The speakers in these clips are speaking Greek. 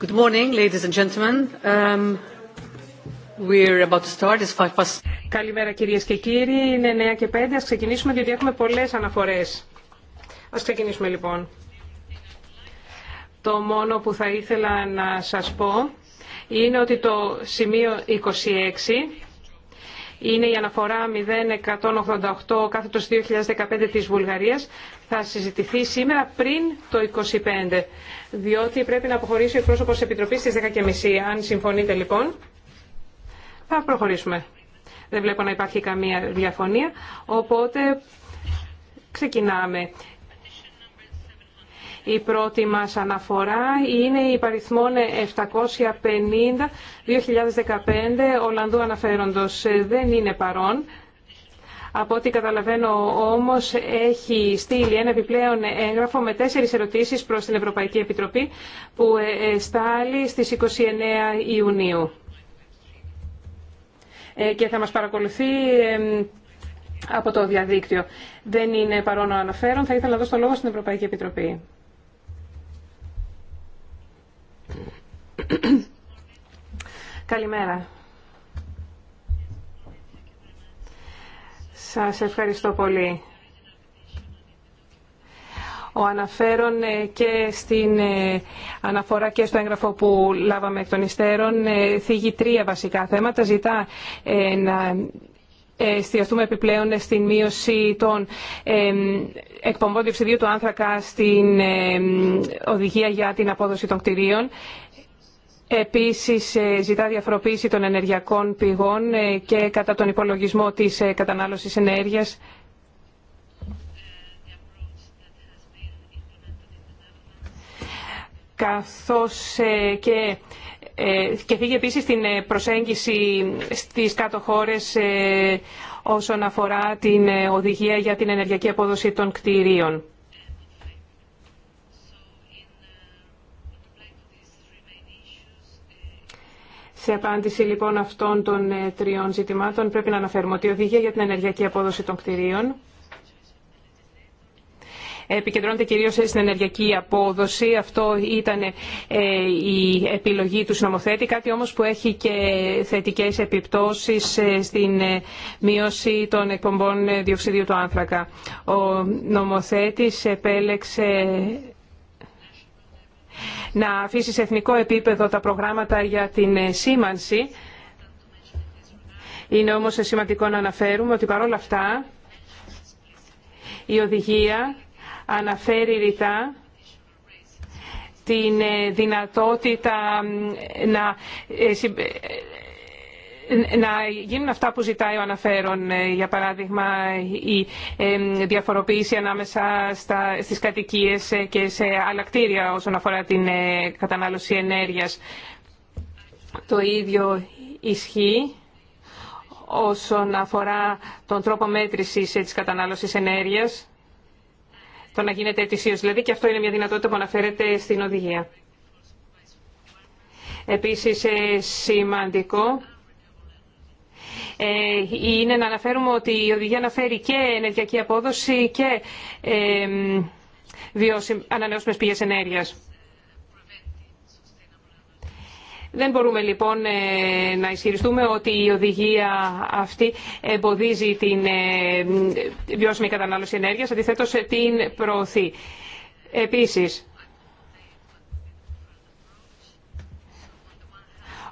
Good morning, ladies and gentlemen. Um, we're about to start. It's Καλημέρα κυρίες και κύριοι. Είναι 9 και 5. Ας ξεκινήσουμε διότι έχουμε πολλές αναφορές. Ας ξεκινήσουμε λοιπόν. Το μόνο που θα ήθελα να σας πω είναι ότι το σημείο 26 είναι η αναφορά 0188 κάθετος 2015 της Βουλγαρίας. Θα συζητηθεί σήμερα πριν το 25, διότι πρέπει να αποχωρήσει ο εκπρόσωπος της Επιτροπής στις 10.30. Αν συμφωνείτε λοιπόν, θα προχωρήσουμε. Δεν βλέπω να υπάρχει καμία διαφωνία, οπότε ξεκινάμε. Η πρώτη μας αναφορά είναι η παριθμόν 750-2015 Ολλανδού αναφέροντος. Δεν είναι παρόν. Από ό,τι καταλαβαίνω όμως έχει στείλει ένα επιπλέον έγγραφο με τέσσερις ερωτήσεις προς την Ευρωπαϊκή Επιτροπή που ε, ε, στάλει στις 29 Ιουνίου. Ε, και θα μας παρακολουθεί από το διαδίκτυο. Δεν είναι παρόν ο αναφέρον. Θα ήθελα να δώσω το λόγο στην Ευρωπαϊκή Επιτροπή. Καλημέρα. Σας ευχαριστώ πολύ. Ο αναφέρον ε, και στην ε, αναφορά και στο έγγραφο που λάβαμε εκ των υστέρων ε, θίγει τρία βασικά θέματα. Ζητά να εστιαστούμε επιπλέον στην μείωση των εκπομπών διευσυδίου του άνθρακα στην οδηγία για την απόδοση των κτηρίων Επίσης ε, ζητά διαφοροποίηση των ενεργειακών πηγών ε, και κατά τον υπολογισμό της ε, κατανάλωσης ενέργειας καθώς και και φύγει επίσης την προσέγγιση στις κάτω χώρες όσον αφορά την οδηγία για την ενεργειακή απόδοση των κτηρίων. Σε απάντηση λοιπόν αυτών των ε, τριών ζητημάτων πρέπει να αναφέρουμε ότι οδηγία για την ενεργειακή απόδοση των κτηρίων επικεντρώνεται κυρίως στην ενεργειακή απόδοση. Αυτό ήταν ε, η επιλογή του συνομοθέτη, κάτι όμως που έχει και θετικές επιπτώσεις ε, στην μείωση των εκπομπών διοξιδίου του άνθρακα. Ο νομοθέτης επέλεξε να αφήσει σε εθνικό επίπεδο τα προγράμματα για την ε, σήμανση. Είναι όμως ε, σημαντικό να αναφέρουμε ότι παρόλα αυτά η οδηγία αναφέρει ρητά την ε, δυνατότητα να να γίνουν αυτά που ζητάει ο αναφέρον, ε, για παράδειγμα η ε, διαφοροποίηση ανάμεσα στα, στις κατοικίες ε, και σε άλλα κτίρια όσον αφορά την κατανάλωση ενέργειας. Το ίδιο ισχύει όσον αφορά τον τρόπο μέτρησης της κατανάλωσης ενέργειας, το να γίνεται αιτησίως. Δηλαδή και αυτό είναι μια δυνατότητα που αναφέρεται στην οδηγία. Επίσης σημαντικό ε, είναι να αναφέρουμε ότι η οδηγία αναφέρει και ενεργειακή απόδοση και ε, ανανεώσιμες πηγές ενέργειας. Δεν μπορούμε λοιπόν ε, να ισχυριστούμε ότι η οδηγία αυτή εμποδίζει την βιώσιμη κατανάλωση ενέργειας, αντιθέτως την προωθεί. Επίσης,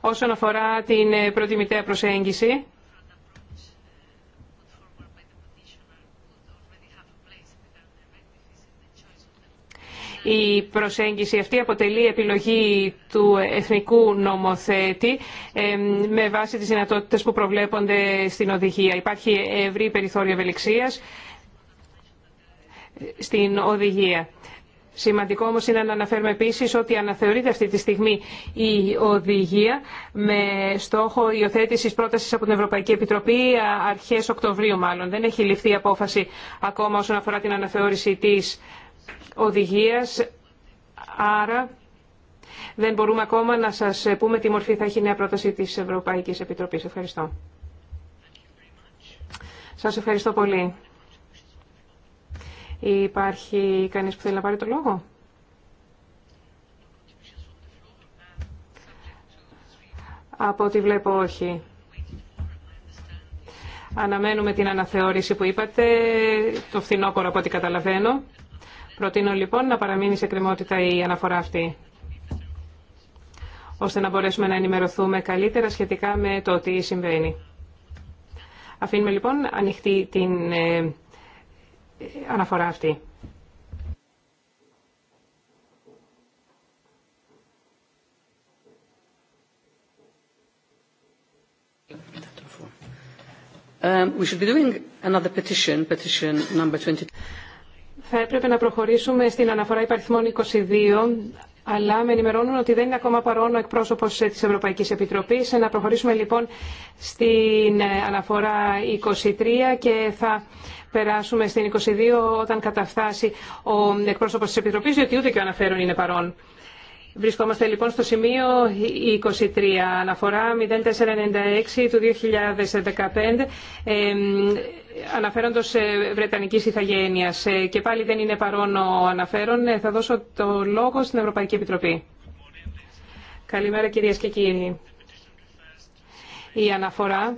όσον αφορά την προτιμητέα προσέγγιση, Η προσέγγιση αυτή αποτελεί επιλογή του εθνικού νομοθέτη με βάση τις δυνατότητες που προβλέπονται στην οδηγία. Υπάρχει ευρύ περιθώριο ευελιξίας στην οδηγία. Σημαντικό όμως είναι να αναφέρουμε επίσης ότι αναθεωρείται αυτή τη στιγμή η οδηγία με στόχο υιοθέτησης πρότασης από την Ευρωπαϊκή Επιτροπή αρχές Οκτωβρίου μάλλον. Δεν έχει ληφθεί απόφαση ακόμα όσον αφορά την αναθεώρηση της οδηγίας, άρα δεν μπορούμε ακόμα να σας πούμε τι μορφή θα έχει η νέα πρόταση της Ευρωπαϊκής Επιτροπής. Ευχαριστώ. Σας ευχαριστώ πολύ. Υπάρχει κανείς που θέλει να πάρει το λόγο. Από ό,τι βλέπω όχι. Αναμένουμε την αναθεώρηση που είπατε, το φθινόπωρο από ό,τι καταλαβαίνω. Προτείνω λοιπόν να παραμείνει σε κρεμότητα η αναφορά αυτή ώστε να μπορέσουμε να ενημερωθούμε καλύτερα σχετικά με το τι συμβαίνει. Αφήνουμε λοιπόν ανοιχτή την ε, αναφορά αυτή. Um, we should be doing another petition, petition number θα έπρεπε να προχωρήσουμε στην αναφορά υπαριθμών 22, αλλά με ενημερώνουν ότι δεν είναι ακόμα παρόν ο εκπρόσωπο ε, τη Ευρωπαϊκή Επιτροπή. Να προχωρήσουμε λοιπόν στην ε, αναφορά 23 και θα περάσουμε στην 22 όταν καταφτάσει ο εκπρόσωπο τη Επιτροπή, διότι ούτε και ο αναφέρον είναι παρόν. Βρισκόμαστε λοιπόν στο σημείο 23, αναφορά 0496 του 2015 αναφέροντος βρετανική Ιθαγένειας ε, και πάλι δεν είναι παρόν ο αναφέρον. Ε, θα δώσω το λόγο στην Ευρωπαϊκή Επιτροπή. Καλημέρα κυρίες και κύριοι. Η αναφορά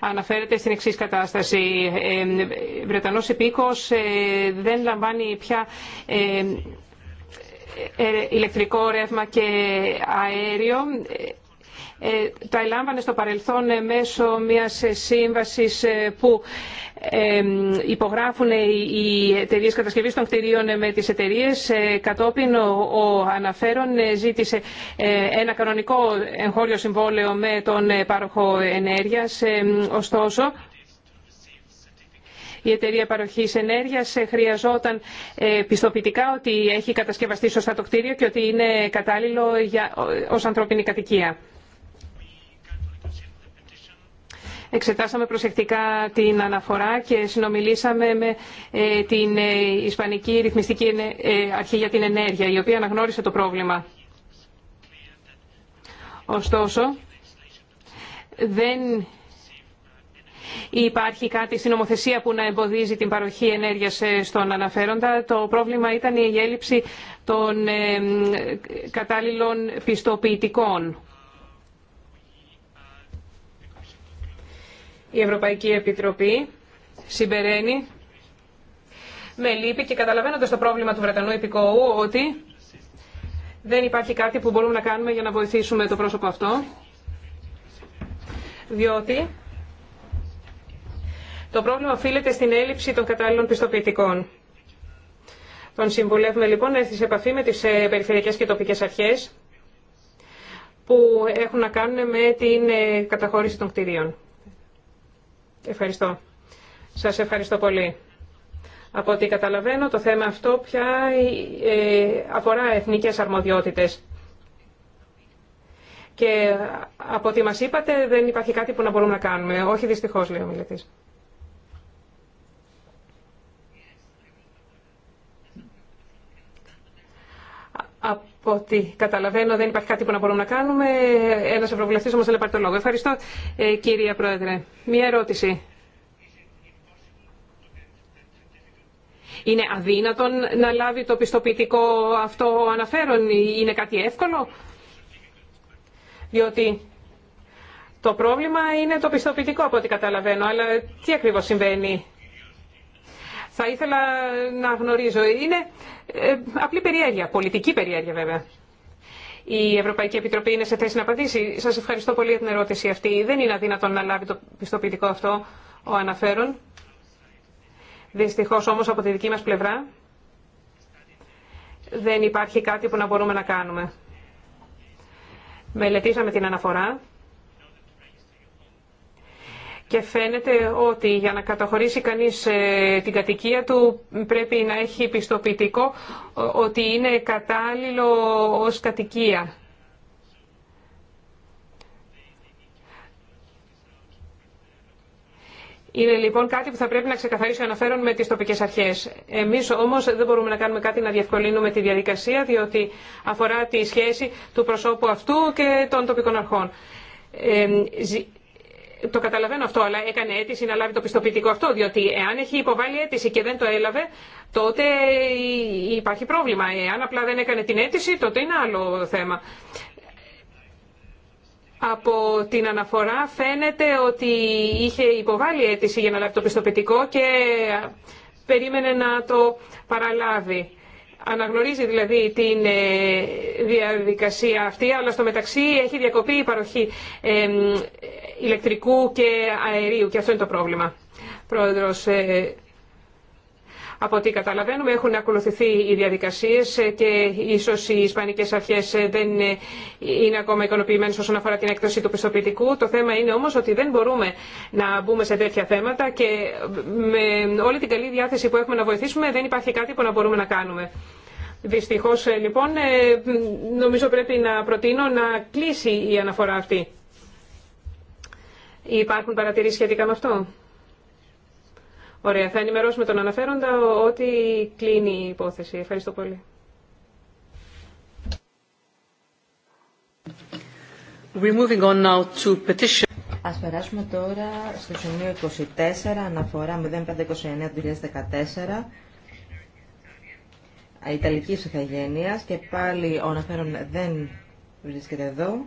αναφέρεται στην εξής κατάσταση. Ε, Βρετανός επίκος δεν λαμβάνει πια ηλεκτρικό ρεύμα και αέριο ε, τα ελάμβανε στο παρελθόν ε, μέσω μιας ε, σύμβασης που υπογράφουν οι εταιρείε κατασκευής των κτηρίων με τις εταιρείε. Κατόπιν ο αναφέρον ζήτησε ένα κανονικό εγχώριο συμβόλαιο με τον πάροχο ενέργειας. Ωστόσο, η εταιρεία παροχή ενέργεια χρειαζόταν πιστοποιητικά ότι έχει κατασκευαστεί σωστά το κτίριο και ότι είναι κατάλληλο ω ανθρώπινη κατοικία. Εξετάσαμε προσεκτικά την αναφορά και συνομιλήσαμε με ε, την ε, Ισπανική Ρυθμιστική ε, Αρχή για την Ενέργεια, η οποία αναγνώρισε το πρόβλημα. Ωστόσο, δεν υπάρχει κάτι στην νομοθεσία που να εμποδίζει την παροχή ενέργειας στον αναφέροντα. Το πρόβλημα ήταν η έλλειψη των κατάλληλων πιστοποιητικών. η Ευρωπαϊκή Επιτροπή συμπεραίνει με λύπη και καταλαβαίνοντα το πρόβλημα του Βρετανού Επικοού ότι δεν υπάρχει κάτι που μπορούμε να κάνουμε για να βοηθήσουμε το πρόσωπο αυτό, διότι το πρόβλημα οφείλεται στην έλλειψη των κατάλληλων πιστοποιητικών. Τον συμβουλεύουμε λοιπόν να έρθει σε επαφή με τις ε, περιφερειακές και τοπικές αρχές που έχουν να κάνουν με την ε, καταχώρηση των κτηρίων. Ευχαριστώ. Σας ευχαριστώ πολύ. Από ό,τι καταλαβαίνω, το θέμα αυτό πια ε, αφορά εθνικές αρμοδιότητες. Και από ό,τι μας είπατε, δεν υπάρχει κάτι που να μπορούμε να κάνουμε. Όχι δυστυχώς, λέει ο μιλητής. Από ό,τι καταλαβαίνω δεν υπάρχει κάτι που να μπορούμε να κάνουμε. Ένα ευρωβουλευτή όμως θέλει πάρει το λόγο. Ευχαριστώ κύριε Πρόεδρε. Μία ερώτηση. Είναι αδύνατον να λάβει το πιστοποιητικό αυτό αναφέρον. Είναι κάτι εύκολο. Διότι το πρόβλημα είναι το πιστοποιητικό από ό,τι καταλαβαίνω. Αλλά τι ακριβώς συμβαίνει. Θα ήθελα να γνωρίζω. Είναι ε, απλή περιέργεια, πολιτική περιέργεια βέβαια. Η Ευρωπαϊκή Επιτροπή είναι σε θέση να απαντήσει. Σας ευχαριστώ πολύ για την ερώτηση αυτή. Δεν είναι αδύνατον να λάβει το πιστοποιητικό αυτό ο αναφέρον. Δυστυχώς όμως από τη δική μας πλευρά δεν υπάρχει κάτι που να μπορούμε να κάνουμε. Μελετήσαμε την αναφορά και φαίνεται ότι για να καταχωρήσει κανείς ε, την κατοικία του πρέπει να έχει πιστοποιητικό ότι είναι κατάλληλο ως κατοικία. Είναι λοιπόν κάτι που θα πρέπει να ξεκαθαρίσει ο αναφέρον με τις τοπικές αρχές. Εμείς όμως δεν μπορούμε να κάνουμε κάτι να διευκολύνουμε τη διαδικασία, διότι αφορά τη σχέση του προσώπου αυτού και των τοπικών αρχών. Ε, το καταλαβαίνω αυτό, αλλά έκανε αίτηση να λάβει το πιστοποιητικό αυτό, διότι εάν έχει υποβάλει αίτηση και δεν το έλαβε, τότε υπάρχει πρόβλημα. Εάν απλά δεν έκανε την αίτηση, τότε είναι άλλο θέμα. Από την αναφορά φαίνεται ότι είχε υποβάλει αίτηση για να λάβει το πιστοποιητικό και περίμενε να το παραλάβει αναγνωρίζει δηλαδή την ε, διαδικασία αυτή, αλλά στο μεταξύ έχει διακοπεί η παροχή ε, ηλεκτρικού και αερίου και αυτό είναι το πρόβλημα. Πρόεδρος, ε, από ό,τι καταλαβαίνουμε έχουν ακολουθηθεί οι διαδικασίες και ίσως οι ισπανικές αρχές δεν είναι ακόμα ικανοποιημένες όσον αφορά την έκδοση του πιστοποιητικού. Το θέμα είναι όμως ότι δεν μπορούμε να μπούμε σε τέτοια θέματα και με όλη την καλή διάθεση που έχουμε να βοηθήσουμε δεν υπάρχει κάτι που να μπορούμε να κάνουμε. Δυστυχώ, ε, λοιπόν ε, νομίζω πρέπει να προτείνω να κλείσει η αναφορά αυτή. Υπάρχουν παρατηρήσει σχετικά με αυτό. Ωραία, θα ενημερώσουμε τον αναφέροντα ότι κλείνει η υπόθεση. Ευχαριστώ πολύ. We're moving on now to petition. Ας περάσουμε τώρα στο σημείο 24, αναφορά 0529-2014, Ιταλική Ιθαγένειας και πάλι ο αναφέρον δεν βρίσκεται εδώ.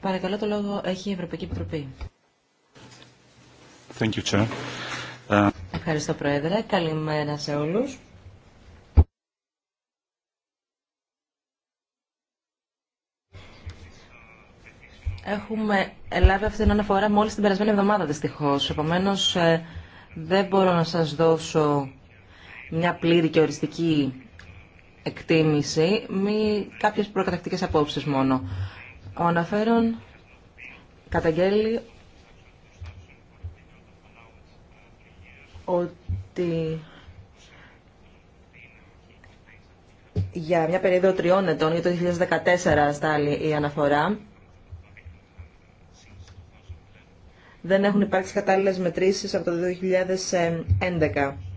Παρακαλώ το λόγο έχει η Ευρωπαϊκή Επιτροπή. Uh, Ευχαριστώ Πρόεδρε. Καλημέρα σε όλους. Έχουμε λάβει αυτή την αναφορά μόλις την περασμένη εβδομάδα δυστυχώς. Επομένως ε, δεν μπορώ να σας δώσω μια πλήρη και οριστική εκτίμηση, μη κάποιες προκατακτικές απόψεις μόνο. Ο αναφέρον καταγγέλει ότι για μια περίοδο τριών ετών, για το 2014 στάλει η αναφορά, δεν έχουν υπάρξει κατάλληλες μετρήσεις από το 2011.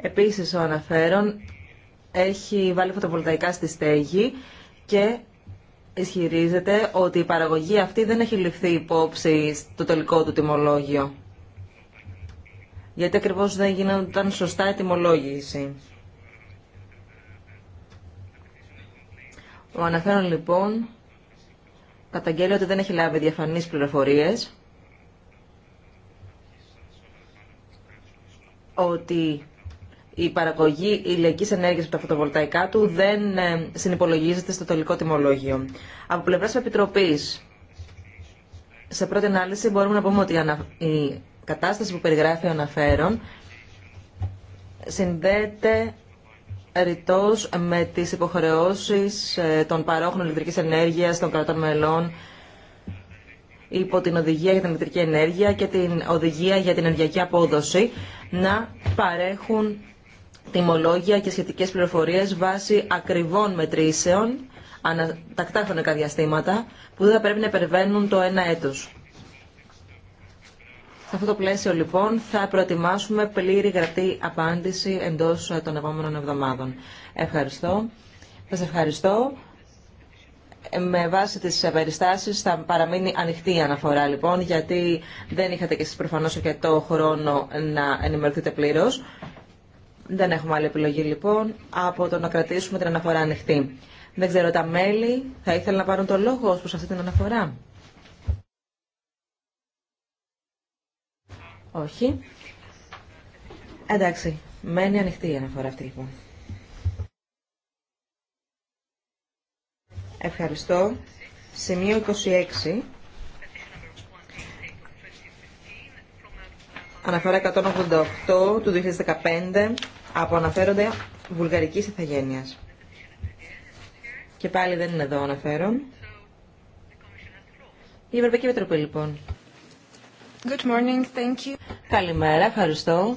Επίσης, ο αναφέρον έχει βάλει φωτοβολταϊκά στη στέγη και ισχυρίζεται ότι η παραγωγή αυτή δεν έχει ληφθεί υπόψη στο τελικό του τιμολόγιο. Γιατί ακριβώς δεν γίνονταν σωστά η τιμολόγηση. Ο αναφέρον λοιπόν καταγγέλει ότι δεν έχει λάβει διαφανείς πληροφορίες, ότι η παραγωγή ηλιακή ενέργεια από τα φωτοβολταϊκά του δεν ε, συνυπολογίζεται στο τελικό τιμολόγιο. Από πλευρά Επιτροπή, σε πρώτη ανάλυση μπορούμε να πούμε ότι η κατάσταση που περιγράφει ο αναφέρον συνδέεται ρητός με τις υποχρεώσεις ε, των παρόχων ηλεκτρικής ενέργειας των κρατών μελών υπό την οδηγία για την ηλεκτρική ενέργεια και την οδηγία για την ενεργειακή απόδοση να παρέχουν τιμολόγια και σχετικές πληροφορίες βάσει ακριβών μετρήσεων ανά τακτά χρονικά διαστήματα που δεν θα πρέπει να υπερβαίνουν το ένα έτος. Σε αυτό το πλαίσιο λοιπόν θα προετοιμάσουμε πλήρη γραπτή απάντηση εντός των επόμενων εβδομάδων. Ευχαριστώ. Σας ευχαριστώ. Με βάση τις περιστάσεις θα παραμείνει ανοιχτή η αναφορά λοιπόν γιατί δεν είχατε και εσείς προφανώς και το χρόνο να ενημερωθείτε πλήρως. Δεν έχουμε άλλη επιλογή λοιπόν από το να κρατήσουμε την αναφορά ανοιχτή. Δεν ξέρω τα μέλη θα ήθελα να πάρουν το λόγο ως προς αυτή την αναφορά. Όχι. Εντάξει, μένει ανοιχτή η αναφορά αυτή λοιπόν. Ευχαριστώ. Σημείο 26. Αναφορά 188 του 2015 από αναφέρονται βουλγαρικής ηθαγένειας. Και πάλι δεν είναι εδώ αναφέρον. Η Ευρωπαϊκή Επιτροπή λοιπόν. Good morning, thank you. Καλημέρα, ευχαριστώ.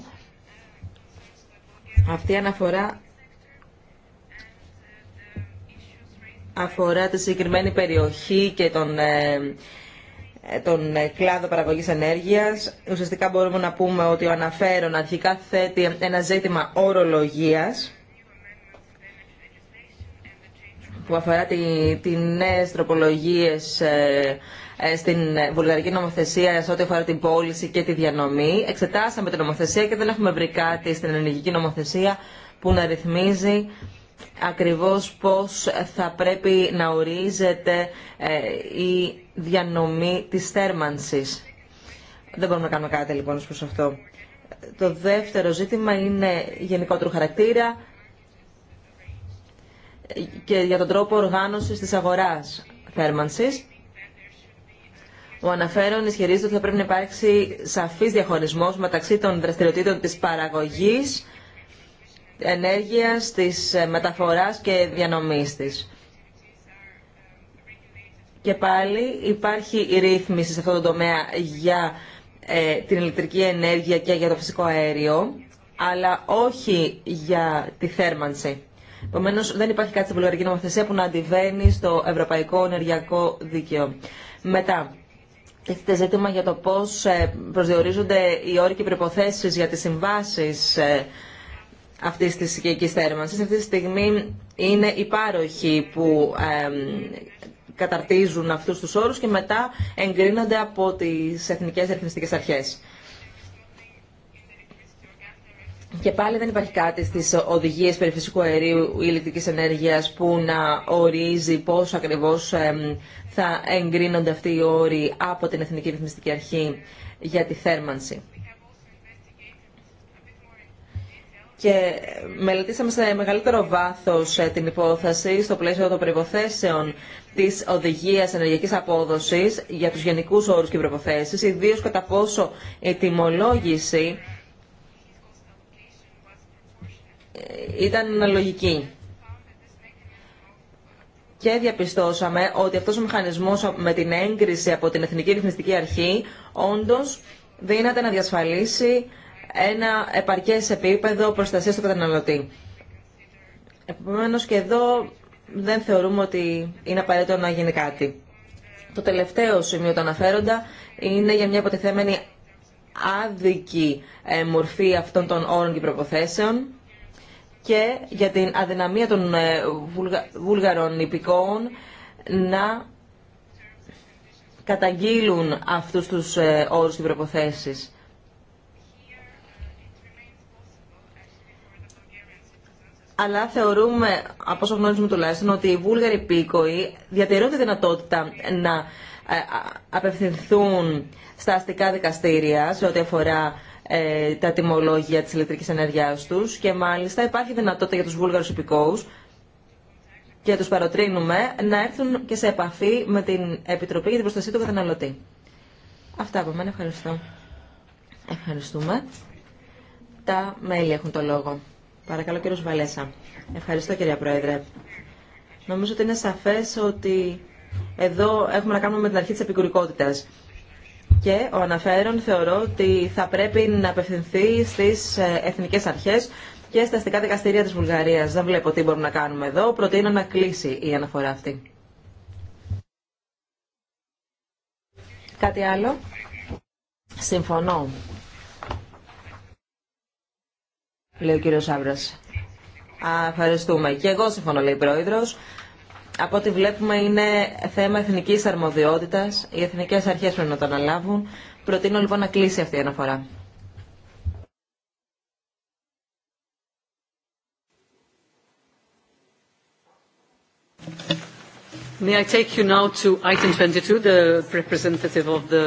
Αυτή η αναφορά αφορά τη συγκεκριμένη περιοχή και τον ε, ε, τον ε, κλάδο παραγωγής ενέργειας. Ουσιαστικά μπορούμε να πούμε ότι ο αναφέρον αρχικά θέτει ένα ζήτημα ορολογίας που αφορά τι, τι νέες τροπολογίες ε, στην βουλγαρική νομοθεσία σε ό,τι αφορά την πώληση και τη διανομή. Εξετάσαμε την νομοθεσία και δεν έχουμε βρει κάτι στην ενεργική νομοθεσία που να ρυθμίζει ακριβώς πώς θα πρέπει να ορίζεται ε, η διανομή της θέρμανσης. Δεν μπορούμε να κάνουμε κάτι λοιπόν προς αυτό. Το δεύτερο ζήτημα είναι γενικότερου χαρακτήρα και για τον τρόπο οργάνωσης της αγοράς θέρμανσης. Ο αναφέρον ισχυρίζεται ότι θα πρέπει να υπάρξει σαφής διαχωρισμός μεταξύ των δραστηριοτήτων της παραγωγής ενέργειας, της μεταφοράς και διανομής της. Και πάλι υπάρχει η ρύθμιση σε αυτό το τομέα για ε, την ηλεκτρική ενέργεια και για το φυσικό αέριο, αλλά όχι για τη θέρμανση. Επομένω, δεν υπάρχει κάτι στην βουλγαρική νομοθεσία που να αντιβαίνει στο ευρωπαϊκό ενεργειακό δίκαιο. Μετά, έχετε ζήτημα για το πώ ε, προσδιορίζονται οι όροι και προποθέσει για τι συμβάσει ε, αυτή τη οικιακή θέρμανση. Αυτή τη στιγμή είναι οι πάροχοι που καταρτίζουν αυτού του όρου και μετά εγκρίνονται από τι εθνικέ ρυθμιστικέ αρχέ. Και πάλι δεν υπάρχει κάτι στις οδηγίες περί αερίου ή ηλεκτρικής ενέργειας που να ορίζει πώς ακριβώς θα εγκρίνονται αυτοί οι όροι από την Εθνική Ρυθμιστική Αρχή για τη θέρμανση. και μελετήσαμε σε μεγαλύτερο βάθος ε, την υπόθεση στο πλαίσιο των προϋποθέσεων της οδηγίας ενεργειακής απόδοσης για τους γενικούς όρους και προϋποθέσεις, ιδίως κατά πόσο η τιμολόγηση ε, ήταν αναλογική. Και διαπιστώσαμε ότι αυτός ο μηχανισμός με την έγκριση από την Εθνική Ρυθμιστική Αρχή όντως δύναται να διασφαλίσει ένα επαρκές επίπεδο προστασίας του καταναλωτή. Επομένω και εδώ δεν θεωρούμε ότι είναι απαραίτητο να γίνει κάτι. Το τελευταίο σημείο το αναφέροντα είναι για μια αποτεθέμενη άδικη ε, μορφή αυτών των όρων και προποθέσεων και για την αδυναμία των ε, βούλγαρων υπηκόων να καταγγείλουν αυτούς τους ε, όρους και προποθέσεις. αλλά θεωρούμε, από όσο γνωρίζουμε τουλάχιστον, ότι οι Βούλγαροι υπήκοοι διατηρούν τη δυνατότητα να ε, απευθυνθούν στα αστικά δικαστήρια σε ό,τι αφορά ε, τα τιμολόγια της ηλεκτρικής ενέργειάς τους και μάλιστα υπάρχει δυνατότητα για τους Βούλγαρους υπηκόους και τους παροτρύνουμε να έρθουν και σε επαφή με την Επιτροπή για την Προστασία του Καταναλωτή. Αυτά από μένα. Ευχαριστώ. Ευχαριστούμε. Τα μέλη έχουν το λόγο. Παρακαλώ κύριο Βαλέσα. Ευχαριστώ κυρία Πρόεδρε. Νομίζω ότι είναι σαφές ότι εδώ έχουμε να κάνουμε με την αρχή της επικουρικότητας. Και ο αναφέρον θεωρώ ότι θα πρέπει να απευθυνθεί στις ε, εθνικές αρχές και στα αστικά δικαστηρία της Βουλγαρίας. Δεν βλέπω τι μπορούμε να κάνουμε εδώ. Προτείνω να κλείσει η αναφορά αυτή. Κάτι άλλο. Συμφωνώ λέει ο κύριος Άμπρας. Ευχαριστούμε. Και εγώ συμφωνώ, λέει η Πρόεδρος. Από ό,τι βλέπουμε είναι θέμα εθνικής αρμοδιότητας. Οι εθνικές αρχές πρέπει να το αναλάβουν. Προτείνω λοιπόν να κλείσει αυτή η αναφορά. May I take you now to item 22, the representative of the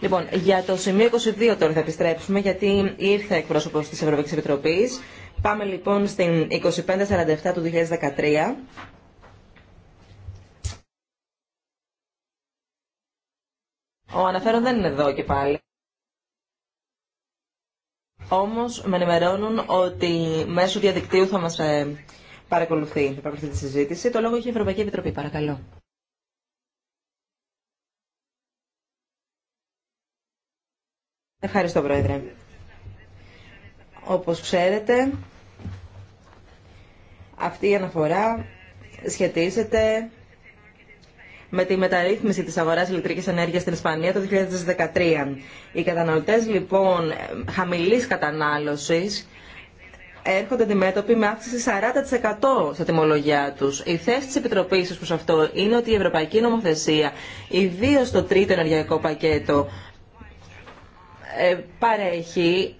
Λοιπόν, για το σημείο 22 τώρα θα επιστρέψουμε, γιατί ήρθε εκπρόσωπος της Ευρωπαϊκής Επιτροπής. Πάμε λοιπόν στην 2547 του 2013. Ο αναφέρον δεν είναι εδώ και πάλι. Όμως με ενημερώνουν ότι μέσω διαδικτύου θα μας ε, παρακολουθεί, θα παρακολουθεί τη συζήτηση. Το λόγο έχει η Ευρωπαϊκή Επιτροπή, παρακαλώ. Ευχαριστώ, Πρόεδρε. Όπως ξέρετε, αυτή η αναφορά σχετίζεται με τη μεταρρύθμιση της αγοράς ηλεκτρικής ενέργειας στην Ισπανία το 2013. Οι καταναλωτές λοιπόν χαμηλής κατανάλωσης έρχονται αντιμέτωποι με αύξηση 40% στα τιμολογιά τους. Η θέση της Επιτροπής προς αυτό είναι ότι η Ευρωπαϊκή Νομοθεσία, ιδίως το τρίτο ενεργειακό πακέτο, ε, παρέχει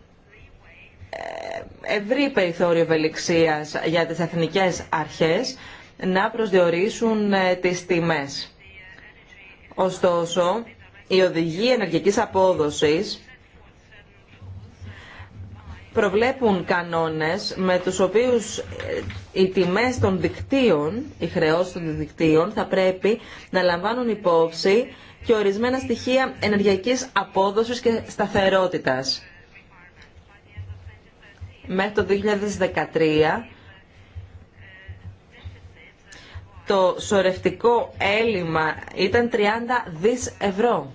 ε, ευρύ περιθώριο ευελιξίας για τις εθνικές αρχές να προσδιορίσουν ε, τις τιμές. Ωστόσο, η οδηγία ενεργειακής απόδοσης προβλέπουν κανόνες με τους οποίους οι τιμές των δικτύων, οι χρεώσεις των δικτύων θα πρέπει να λαμβάνουν υπόψη και ορισμένα στοιχεία ενεργειακής απόδοσης και σταθερότητας. Μέχρι το 2013 το σορευτικό έλλειμμα ήταν 30 δις ευρώ.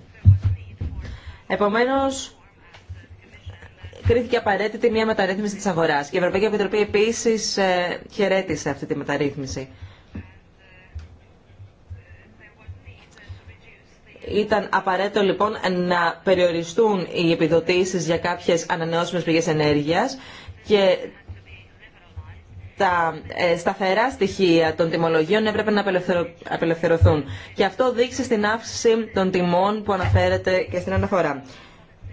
Επομένως, κρίθηκε απαραίτητη μια μεταρρύθμιση της αγοράς. Και η Ευρωπαϊκή Επιτροπή επίσης ε, χαιρέτησε αυτή τη μεταρρύθμιση. Ήταν απαραίτητο λοιπόν να περιοριστούν οι επιδοτήσεις για κάποιες ανανεώσιμες πηγές ενέργειας και τα ε, σταθερά στοιχεία των τιμολογίων έπρεπε να απελευθερωθούν. Και αυτό δείξει στην αύξηση των τιμών που αναφέρεται και στην αναφορά.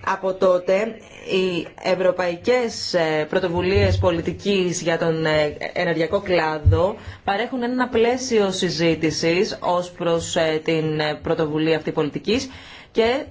Από τότε οι ευρωπαϊκές ε, πρωτοβουλίες πολιτικής για τον ε, ενεργειακό κλάδο παρέχουν ένα πλαίσιο συζήτησης ως προς ε, την πρωτοβουλία αυτή πολιτικής και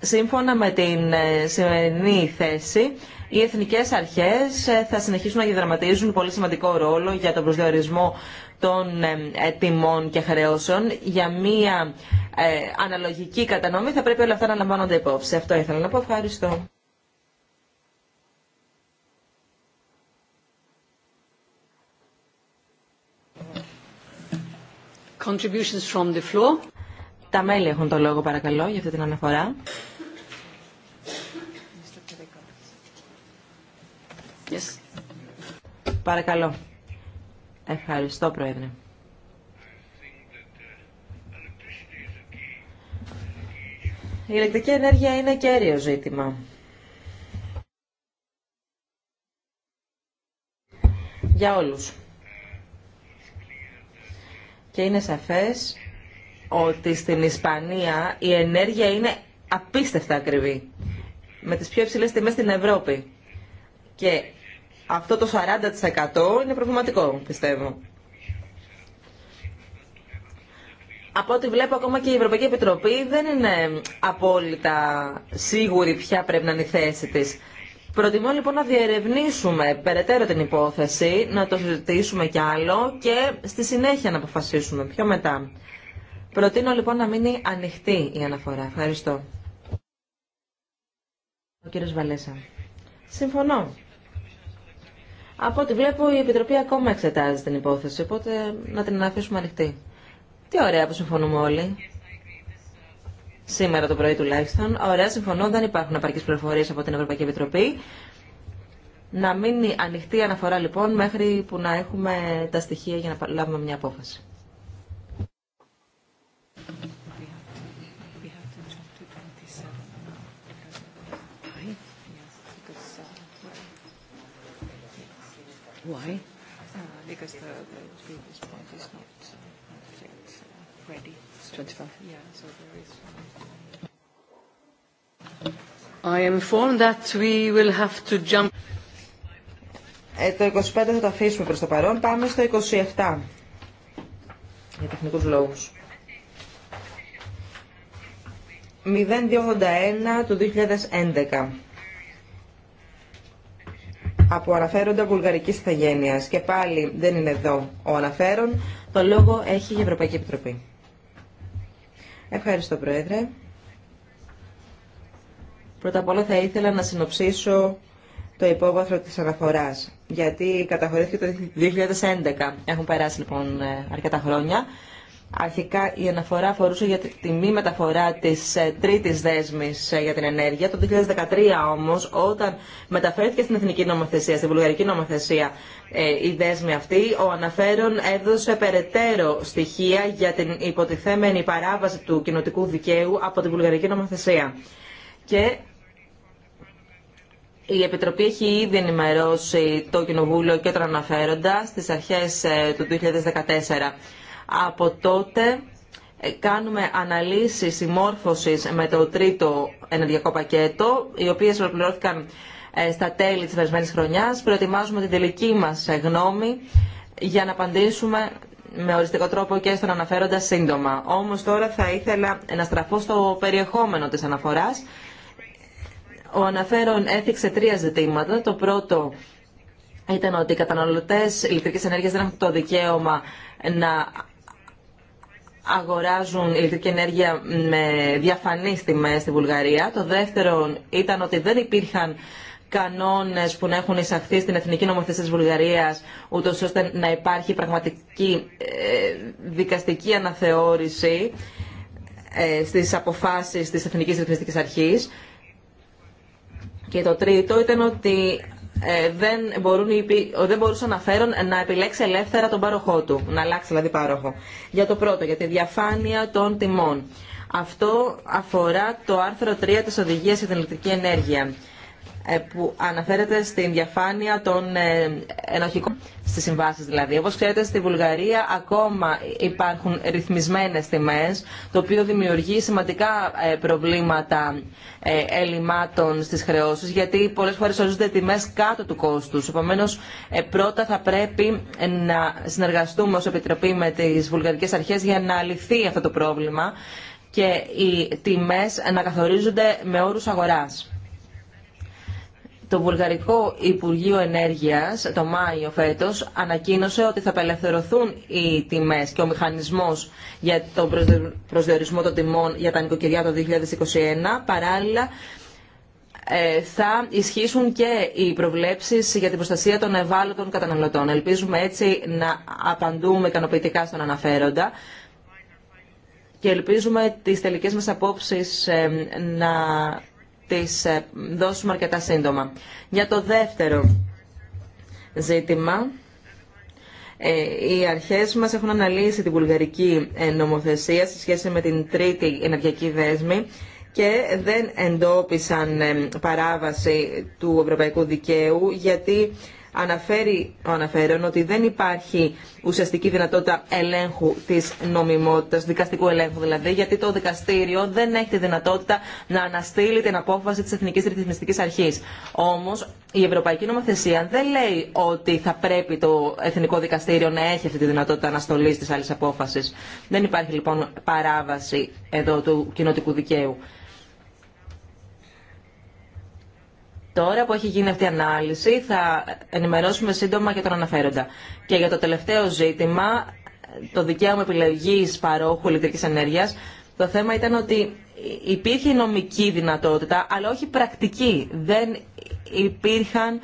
σύμφωνα με την σημερινή θέση οι εθνικές αρχές θα συνεχίσουν να διαδραματίζουν πολύ σημαντικό ρόλο για τον προσδιορισμό των ε, τιμών και χρεώσεων για μία ε, αναλογική κατανομή θα πρέπει όλα αυτά να λαμβάνονται υπόψη. Αυτό ήθελα να πω. Ευχαριστώ. Contributions from the floor. Τα μέλη έχουν το λόγο παρακαλώ για αυτή την αναφορά. Yes. Παρακαλώ. Ευχαριστώ, Πρόεδρε. Η ηλεκτρική ενέργεια είναι κέριο ζήτημα. Για όλους. Και είναι σαφές ότι στην Ισπανία η ενέργεια είναι απίστευτα ακριβή. Με τις πιο υψηλές τιμές στην Ευρώπη. Και αυτό το 40% είναι προβληματικό, πιστεύω. Από ό,τι βλέπω ακόμα και η Ευρωπαϊκή Επιτροπή δεν είναι απόλυτα σίγουρη ποια πρέπει να είναι η θέση της. Προτιμώ λοιπόν να διερευνήσουμε περαιτέρω την υπόθεση, να το συζητήσουμε κι άλλο και στη συνέχεια να αποφασίσουμε πιο μετά. Προτείνω λοιπόν να μείνει ανοιχτή η αναφορά. Ευχαριστώ. Ο κύριος Συμφωνώ. Από ό,τι βλέπω η Επιτροπή ακόμα εξετάζει την υπόθεση, οπότε να την αφήσουμε ανοιχτή. Τι ωραία που συμφωνούμε όλοι. Σήμερα το πρωί τουλάχιστον. Ωραία, συμφωνώ, δεν υπάρχουν επαρκεί πληροφορίε από την Ευρωπαϊκή Επιτροπή. Να μείνει ανοιχτή η αναφορά λοιπόν μέχρι που να έχουμε τα στοιχεία για να λάβουμε μια απόφαση. Why? Because the previous point is not yet ready. It's 25. Yeah, so there is. I am informed that we will have to jump. Ε, το 25 θα το αφήσουμε προς το παρόν. Πάμε στο 27. Για τεχνικούς λόγους. 0281 του 2011 από αναφέροντα βουλγαρικής ηθαγένειας και πάλι δεν είναι εδώ ο αναφέρον, το λόγο έχει η Ευρωπαϊκή Επιτροπή. Ευχαριστώ Πρόεδρε. Πρώτα απ' όλα θα ήθελα να συνοψίσω το υπόβαθρο της αναφοράς, γιατί καταχωρήθηκε το 2011. Έχουν περάσει λοιπόν αρκετά χρόνια. Αρχικά η αναφορά αφορούσε για τη μη μεταφορά της ε, τρίτης δέσμης ε, για την ενέργεια. Το 2013 όμως όταν μεταφέρθηκε στην εθνική νομοθεσία, στην βουλγαρική νομοθεσία ε, η δέσμη αυτή, ο αναφέρον έδωσε περαιτέρω στοιχεία για την υποτιθέμενη παράβαση του κοινοτικού δικαίου από την βουλγαρική νομοθεσία. Και η Επιτροπή έχει ήδη ενημερώσει το Κοινοβούλιο και τον αναφέροντα στις αρχές του 2014. Από τότε ε, κάνουμε αναλύσει συμμόρφωση με το τρίτο ενεργειακό πακέτο, οι οποίε ολοκληρώθηκαν ε, στα τέλη της περασμένη χρονιάς. Προετοιμάζουμε την τελική μα ε, γνώμη για να απαντήσουμε με οριστικό τρόπο και στον αναφέροντα σύντομα. Όμω τώρα θα ήθελα να στραφώ στο περιεχόμενο τη αναφορά. Ο αναφέρον έθιξε τρία ζητήματα. Το πρώτο ήταν ότι οι καταναλωτέ ηλεκτρική ενέργεια δεν έχουν το δικαίωμα να αγοράζουν ηλεκτρική ενέργεια με διαφανή τιμέ στη Βουλγαρία. Το δεύτερο ήταν ότι δεν υπήρχαν κανόνες που να έχουν εισαχθεί στην Εθνική Νομοθεσία τη Βουλγαρίας, ούτω ώστε να υπάρχει πραγματική ε, δικαστική αναθεώρηση ε, στις αποφάσεις της εθνική Ρυθμιστική Αρχής. Και το τρίτο ήταν ότι ε, δεν, μπορούν, δεν μπορούσε να φέρουν να επιλέξει ελεύθερα τον πάροχό του, να αλλάξει δηλαδή πάροχο. Για το πρώτο, για τη διαφάνεια των τιμών. Αυτό αφορά το άρθρο 3 της Οδηγίας για την ηλεκτρική ενέργεια. Ε, που αναφέρεται στην διαφάνεια των ε, ενοχικών στις συμβάσεις δηλαδή. Όπως ξέρετε στη Βουλγαρία ακόμα υπάρχουν ρυθμισμένε τιμέ, το οποίο δημιουργεί σημαντικά ε, προβλήματα ελλημάτων στι χρεώσει, γιατί πολλέ φορέ ορίζονται τιμέ κάτω του κόστου. Επομένως πρώτα θα πρέπει να συνεργαστούμε ω Επιτροπή με τι βουλγαρικές αρχέ για να λυθεί αυτό το πρόβλημα και οι τιμές να καθορίζονται με όρους αγοράς. Το Βουλγαρικό Υπουργείο Ενέργειας το Μάιο φέτος ανακοίνωσε ότι θα απελευθερωθούν οι τιμές και ο μηχανισμός για τον προσδιορισμό των τιμών για τα νοικοκυριά το 2021. Παράλληλα ε, θα ισχύσουν και οι προβλέψεις για την προστασία των ευάλωτων καταναλωτών. Ελπίζουμε έτσι να απαντούμε ικανοποιητικά στον αναφέροντα και ελπίζουμε τις τελικές μας απόψεις ε, να τις ε, δώσουμε αρκετά σύντομα. Για το δεύτερο ζήτημα, ε, οι αρχές μας έχουν αναλύσει την βουλγαρική ε, νομοθεσία σε σχέση με την τρίτη ενεργειακή δέσμη και δεν εντόπισαν παράβαση του ευρωπαϊκού δικαίου γιατί Αναφέρει ο ότι δεν υπάρχει ουσιαστική δυνατότητα ελέγχου της νομιμότητας, δικαστικού ελέγχου δηλαδή, γιατί το δικαστήριο δεν έχει τη δυνατότητα να αναστείλει την απόφαση της Εθνικής Ρυθμιστική αρχή. Όμως η Ευρωπαϊκή Νομοθεσία δεν λέει ότι θα πρέπει το Εθνικό Δικαστήριο να έχει αυτή τη δυνατότητα αναστολή τη άλλη απόφαση. Δεν υπάρχει λοιπόν παράβαση εδώ του κοινοτικού δικαίου. Τώρα που έχει γίνει αυτή η ανάλυση θα ενημερώσουμε σύντομα για τον αναφέροντα. Και για το τελευταίο ζήτημα, το δικαίωμα επιλογής παρόχου ηλεκτρικής ενέργειας, το θέμα ήταν ότι υπήρχε νομική δυνατότητα, αλλά όχι πρακτική. Δεν υπήρχαν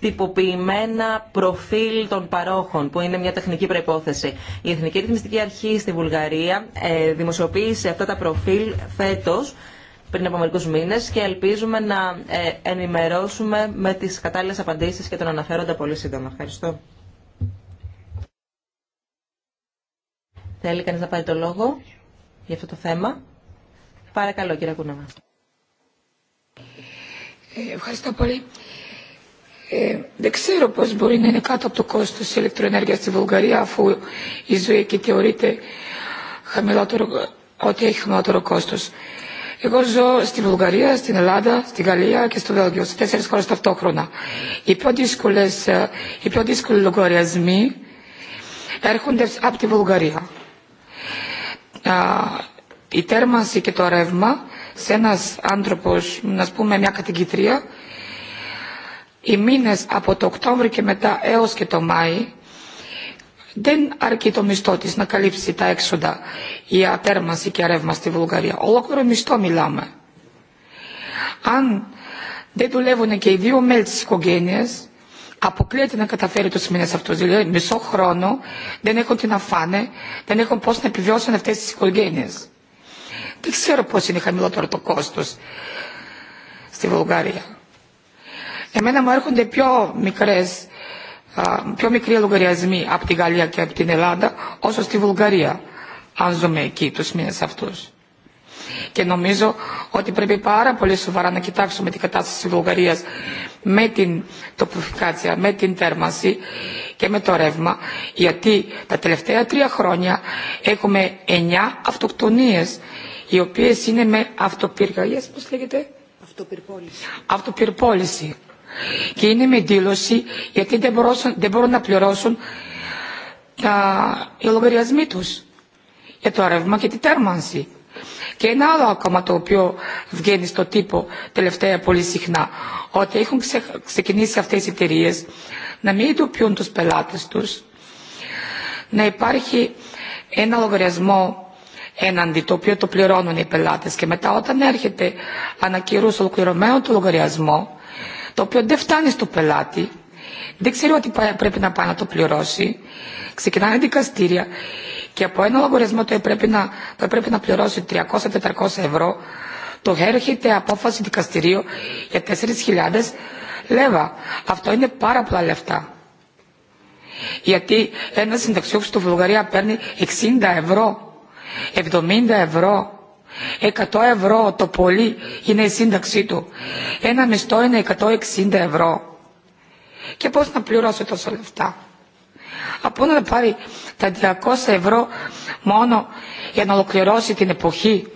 τυποποιημένα προφίλ των παρόχων, που είναι μια τεχνική προπόθεση. Η Εθνική Ρυθμιστική Αρχή στη Βουλγαρία ε, δημοσιοποίησε αυτά τα προφίλ φέτος πριν από μερικού μήνε και ελπίζουμε να ε, ενημερώσουμε με τι κατάλληλε απαντήσει και τον αναφέροντα πολύ σύντομα. Ευχαριστώ. Θέλει κανεί να πάρει το λόγο για αυτό το θέμα. Παρακαλώ, κύριε κουνάμα. Ε, ευχαριστώ πολύ. Ε, δεν ξέρω πώς μπορεί να είναι κάτω από το κόστος ηλεκτροενέργειας στη Βουλγαρία αφού η ζωή εκεί θεωρείται χαμηλότερο, ότι έχει χαμηλότερο κόστος. Εγώ ζω στη Βουλγαρία, στην Ελλάδα, στη Γαλλία και στο Βέλγιο, σε τέσσερι χώρε ταυτόχρονα. Οι πιο, ε, οι πιο δύσκολοι λογαριασμοί έρχονται από τη Βουλγαρία. Η τέρμανση και το ρεύμα σε ένα άνθρωπο, να πούμε μια κατηγητρία, οι μήνε από το Οκτώβριο και μετά έω και το Μάη, δεν αρκεί το μισθό τη να καλύψει τα έξοδα για τέρμανση και ρεύμα στη Βουλγαρία. Ολόκληρο μισθό μιλάμε. Αν δεν δουλεύουν και οι δύο μέλη τη οικογένεια, αποκλείεται να καταφέρει τους μήνες αυτούς, δηλαδή μισό χρόνο δεν έχουν τι να φάνε, δεν έχουν πώ να επιβιώσουν αυτέ τι οικογένειε. Δεν ξέρω πώ είναι χαμηλότερο το κόστο στη Βουλγαρία. Εμένα μου έρχονται πιο μικρές πιο μικροί λογαριασμοί από τη Γαλλία και από την Ελλάδα όσο στη Βουλγαρία, αν ζούμε εκεί τους μήνες αυτούς. Και νομίζω ότι πρέπει πάρα πολύ σοβαρά να κοιτάξουμε την κατάσταση της Βουλγαρίας με την τοποφικάτσια, με την τέρμαση και με το ρεύμα, γιατί τα τελευταία τρία χρόνια έχουμε εννιά αυτοκτονίες, οι οποίες είναι με πώς λέγεται, αυτοπυρπόληση και είναι με δήλωση γιατί δεν, μπορούν να πληρώσουν τα, οι λογαριασμοί τους για το ρεύμα και τη τέρμανση. Και ένα άλλο ακόμα το οποίο βγαίνει στο τύπο τελευταία πολύ συχνά, ότι έχουν ξεκινήσει αυτές οι εταιρείε να μην ειδοποιούν τους πελάτες τους, να υπάρχει ένα λογαριασμό έναντι το οποίο το πληρώνουν οι πελάτες και μετά όταν έρχεται ανακυρούς ολοκληρωμένο το λογαριασμό το οποίο δεν φτάνει στο πελάτη, δεν ξέρει ότι πρέπει να πάει να το πληρώσει, ξεκινάνε δικαστήρια και από ένα λογαριασμό το πρέπει να, πρέπει να πληρώσει 300-400 ευρώ, το έρχεται απόφαση δικαστηρίου για 4.000 λέβα. Αυτό είναι πάρα πολλά λεφτά. Γιατί ένα συνταξιούχος του Βουλγαρία παίρνει 60 ευρώ, 70 ευρώ 100 ευρώ το πολύ είναι η σύνταξή του. Ένα μισθό είναι 160 ευρώ. Και πώς να πληρώσω τόσο λεφτά. Από να πάρει τα 200 ευρώ μόνο για να ολοκληρώσει την εποχή.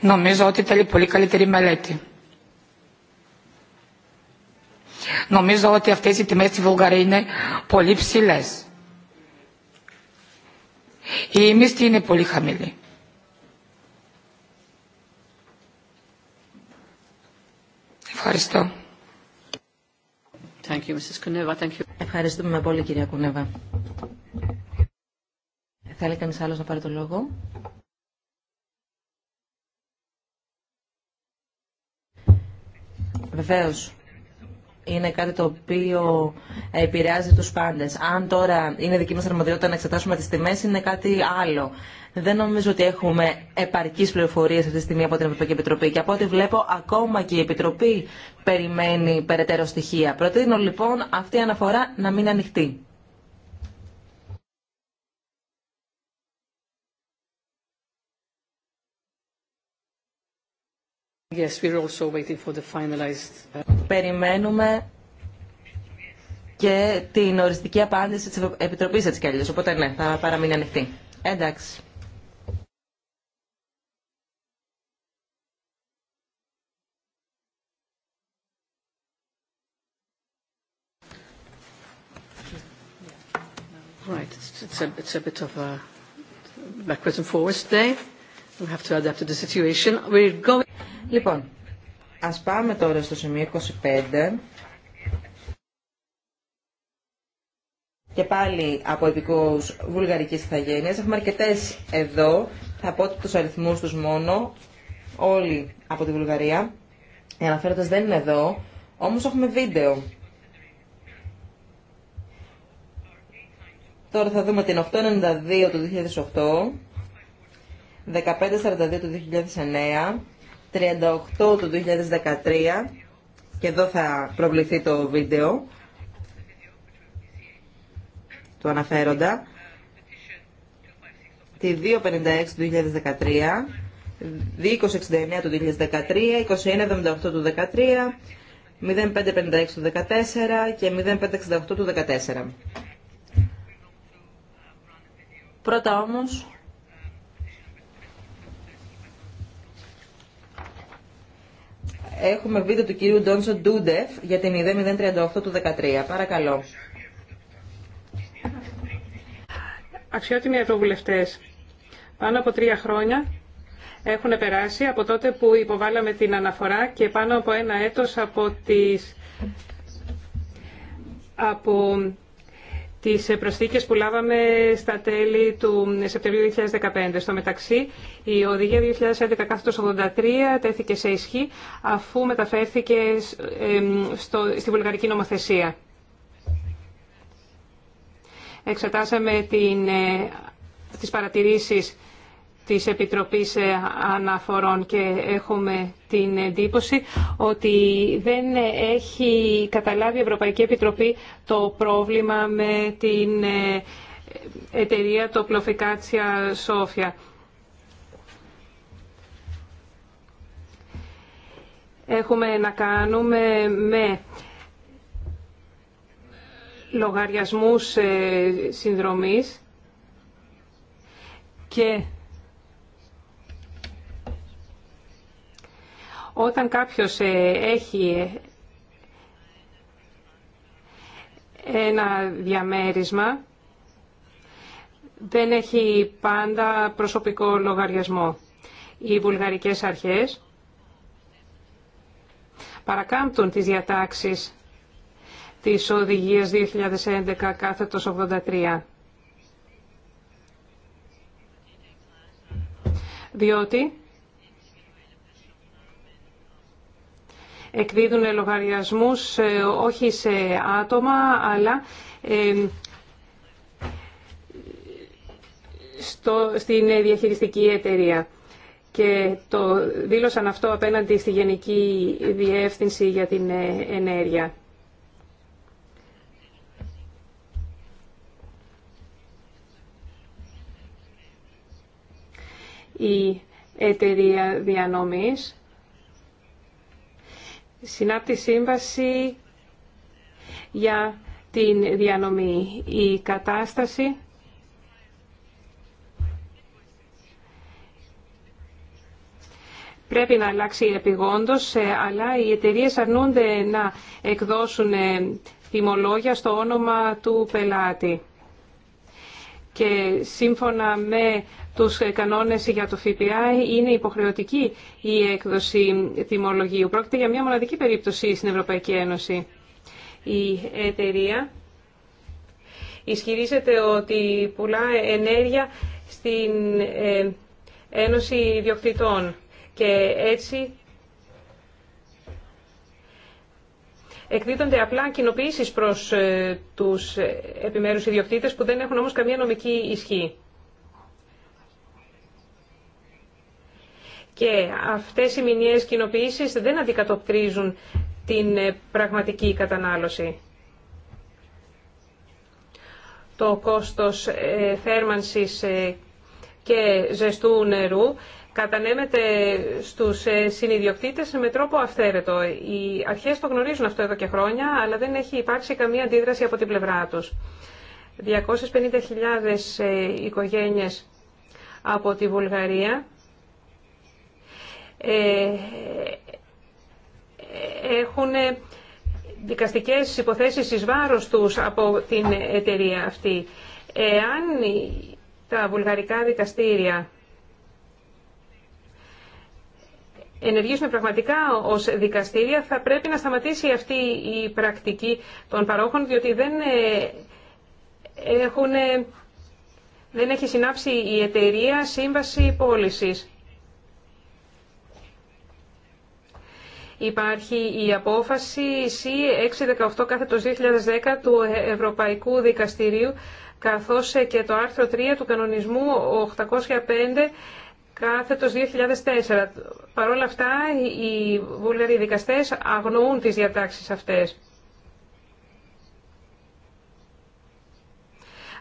Νομίζω ότι θέλει πολύ καλύτερη μελέτη. Νομίζω ότι αυτές οι τιμές στη Βουλγαρία είναι πολύ ψηλές. Η μίστη είναι πολύ χαμηλή. Ευχαριστώ. Thank you, Mrs. Kuneva. Thank you. Ευχαριστούμε πολύ κυρία Κουνέβα. Θέλει κανείς άλλος να πάρει το λόγο. Βεβαίως είναι κάτι το οποίο επηρεάζει τους πάντες. Αν τώρα είναι δική μας αρμοδιότητα να εξετάσουμε τις τιμές, είναι κάτι άλλο. Δεν νομίζω ότι έχουμε επαρκείς πληροφορίες αυτή τη στιγμή από την Ευρωπαϊκή Επιτροπή και από ό,τι βλέπω ακόμα και η Επιτροπή περιμένει περαιτέρω στοιχεία. Προτείνω λοιπόν αυτή η αναφορά να μην ανοιχτεί. Yes, we're also waiting for the finalized... Uh, Περιμένουμε και την οριστική απάντηση της Επιτροπής έτσι κι Οπότε ναι, θα παραμείνει ανοιχτή. Εντάξει. Right, it's a, it's a bit of a backwards and forwards day. Λοιπόν, ας πάμε τώρα στο σημείο 25. Και πάλι από επικούς βουλγαρικής ηθαγένειας. Έχουμε αρκετέ εδώ. Θα πω τους αριθμούς τους μόνο. Όλοι από τη Βουλγαρία. Οι αναφέροντες δεν είναι εδώ. Όμως έχουμε βίντεο. Τώρα θα δούμε την 892 του 2008. 1542 του 2009, 38 του 2013 και εδώ θα προβληθεί το βίντεο του αναφέροντα τη 256 του 2013 269 του 2013, 2178 του 2013, 0556 του 2014 και 0568 του 2014. Πρώτα όμως Έχουμε βίντεο του κυρίου Ντόνσον Ντούντεφ για τη 038 του 13. Παρακαλώ. Αξιότιμοι ευρωβουλευτέ, πάνω από τρία χρόνια έχουν περάσει από τότε που υποβάλαμε την αναφορά και πάνω από ένα έτος από τις από τις προσθήκες που λάβαμε στα τέλη του Σεπτεμβρίου 2015. Στο μεταξύ, η Οδηγία 2011-83 τέθηκε σε ισχύ αφού μεταφέρθηκε στο, στη βουλγαρική νομοθεσία. Εξετάσαμε την, ε, τις παρατηρήσεις της Επιτροπής ε, Αναφορών και έχουμε την εντύπωση ότι δεν έχει καταλάβει η Ευρωπαϊκή Επιτροπή το πρόβλημα με την ε, εταιρεία το Πλοφικάτσια Σόφια. Έχουμε να κάνουμε με λογαριασμούς ε, συνδρομής και Όταν κάποιος ε, έχει ε, ένα διαμέρισμα, δεν έχει πάντα προσωπικό λογαριασμό. Οι βουλγαρικές αρχές παρακάμπτουν τις διατάξεις της Οδηγίας 2011 κάθετος 83. Διότι εκδίδουν λογαριασμούς ε, όχι σε άτομα, αλλά ε, στο, στην διαχειριστική εταιρεία. Και το δήλωσαν αυτό απέναντι στη Γενική Διεύθυνση για την ε, Ενέργεια. Η εταιρεία διανομής συνάπτει σύμβαση για την διανομή. Η κατάσταση πρέπει να αλλάξει επιγόντως, ε, αλλά οι εταιρείε αρνούνται να εκδώσουν ε, τιμολόγια στο όνομα του πελάτη και σύμφωνα με τους κανόνες για το ΦΠΑ είναι υποχρεωτική η έκδοση τιμολογίου. Πρόκειται για μια μοναδική περίπτωση στην Ευρωπαϊκή Ένωση. Η εταιρεία ισχυρίζεται ότι πουλά ενέργεια στην ε, Ένωση Διοκτητών και έτσι εκδίδονται απλά κοινοποιήσεις προς ε, τους ε, επιμέρους ιδιοκτήτες που δεν έχουν όμως καμία νομική ισχύ. Και αυτές οι μηνιαίες κοινοποιήσεις δεν αντικατοπτρίζουν την ε, πραγματική κατανάλωση. Το κόστος θέρμανσης και ζεστού νερού κατανέμεται στους ε, συνειδιοκτήτες με τρόπο αυθαίρετο. Οι αρχές το γνωρίζουν αυτό εδώ και χρόνια, αλλά δεν έχει υπάρξει καμία αντίδραση από την πλευρά τους. 250.000 ε, οικογένειες από τη Βουλγαρία ε, έχουν δικαστικές υποθέσεις εις βάρος τους από την εταιρεία αυτή. Εάν τα βουλγαρικά δικαστήρια ενεργήσουμε πραγματικά ω δικαστήρια θα πρέπει να σταματήσει αυτή η πρακτική των παρόχων διότι δεν, ε, έχουν, ε, δεν έχει συνάψει η εταιρεία σύμβαση πώλησης. Υπάρχει η απόφαση C618 2010 του Ευρωπαϊκού Δικαστηρίου καθώς ε, και το άρθρο 3 του κανονισμού 805 κάθετος 2004. Παρ' όλα αυτά, οι βουλγαροί δικαστές αγνοούν τις διατάξεις αυτές.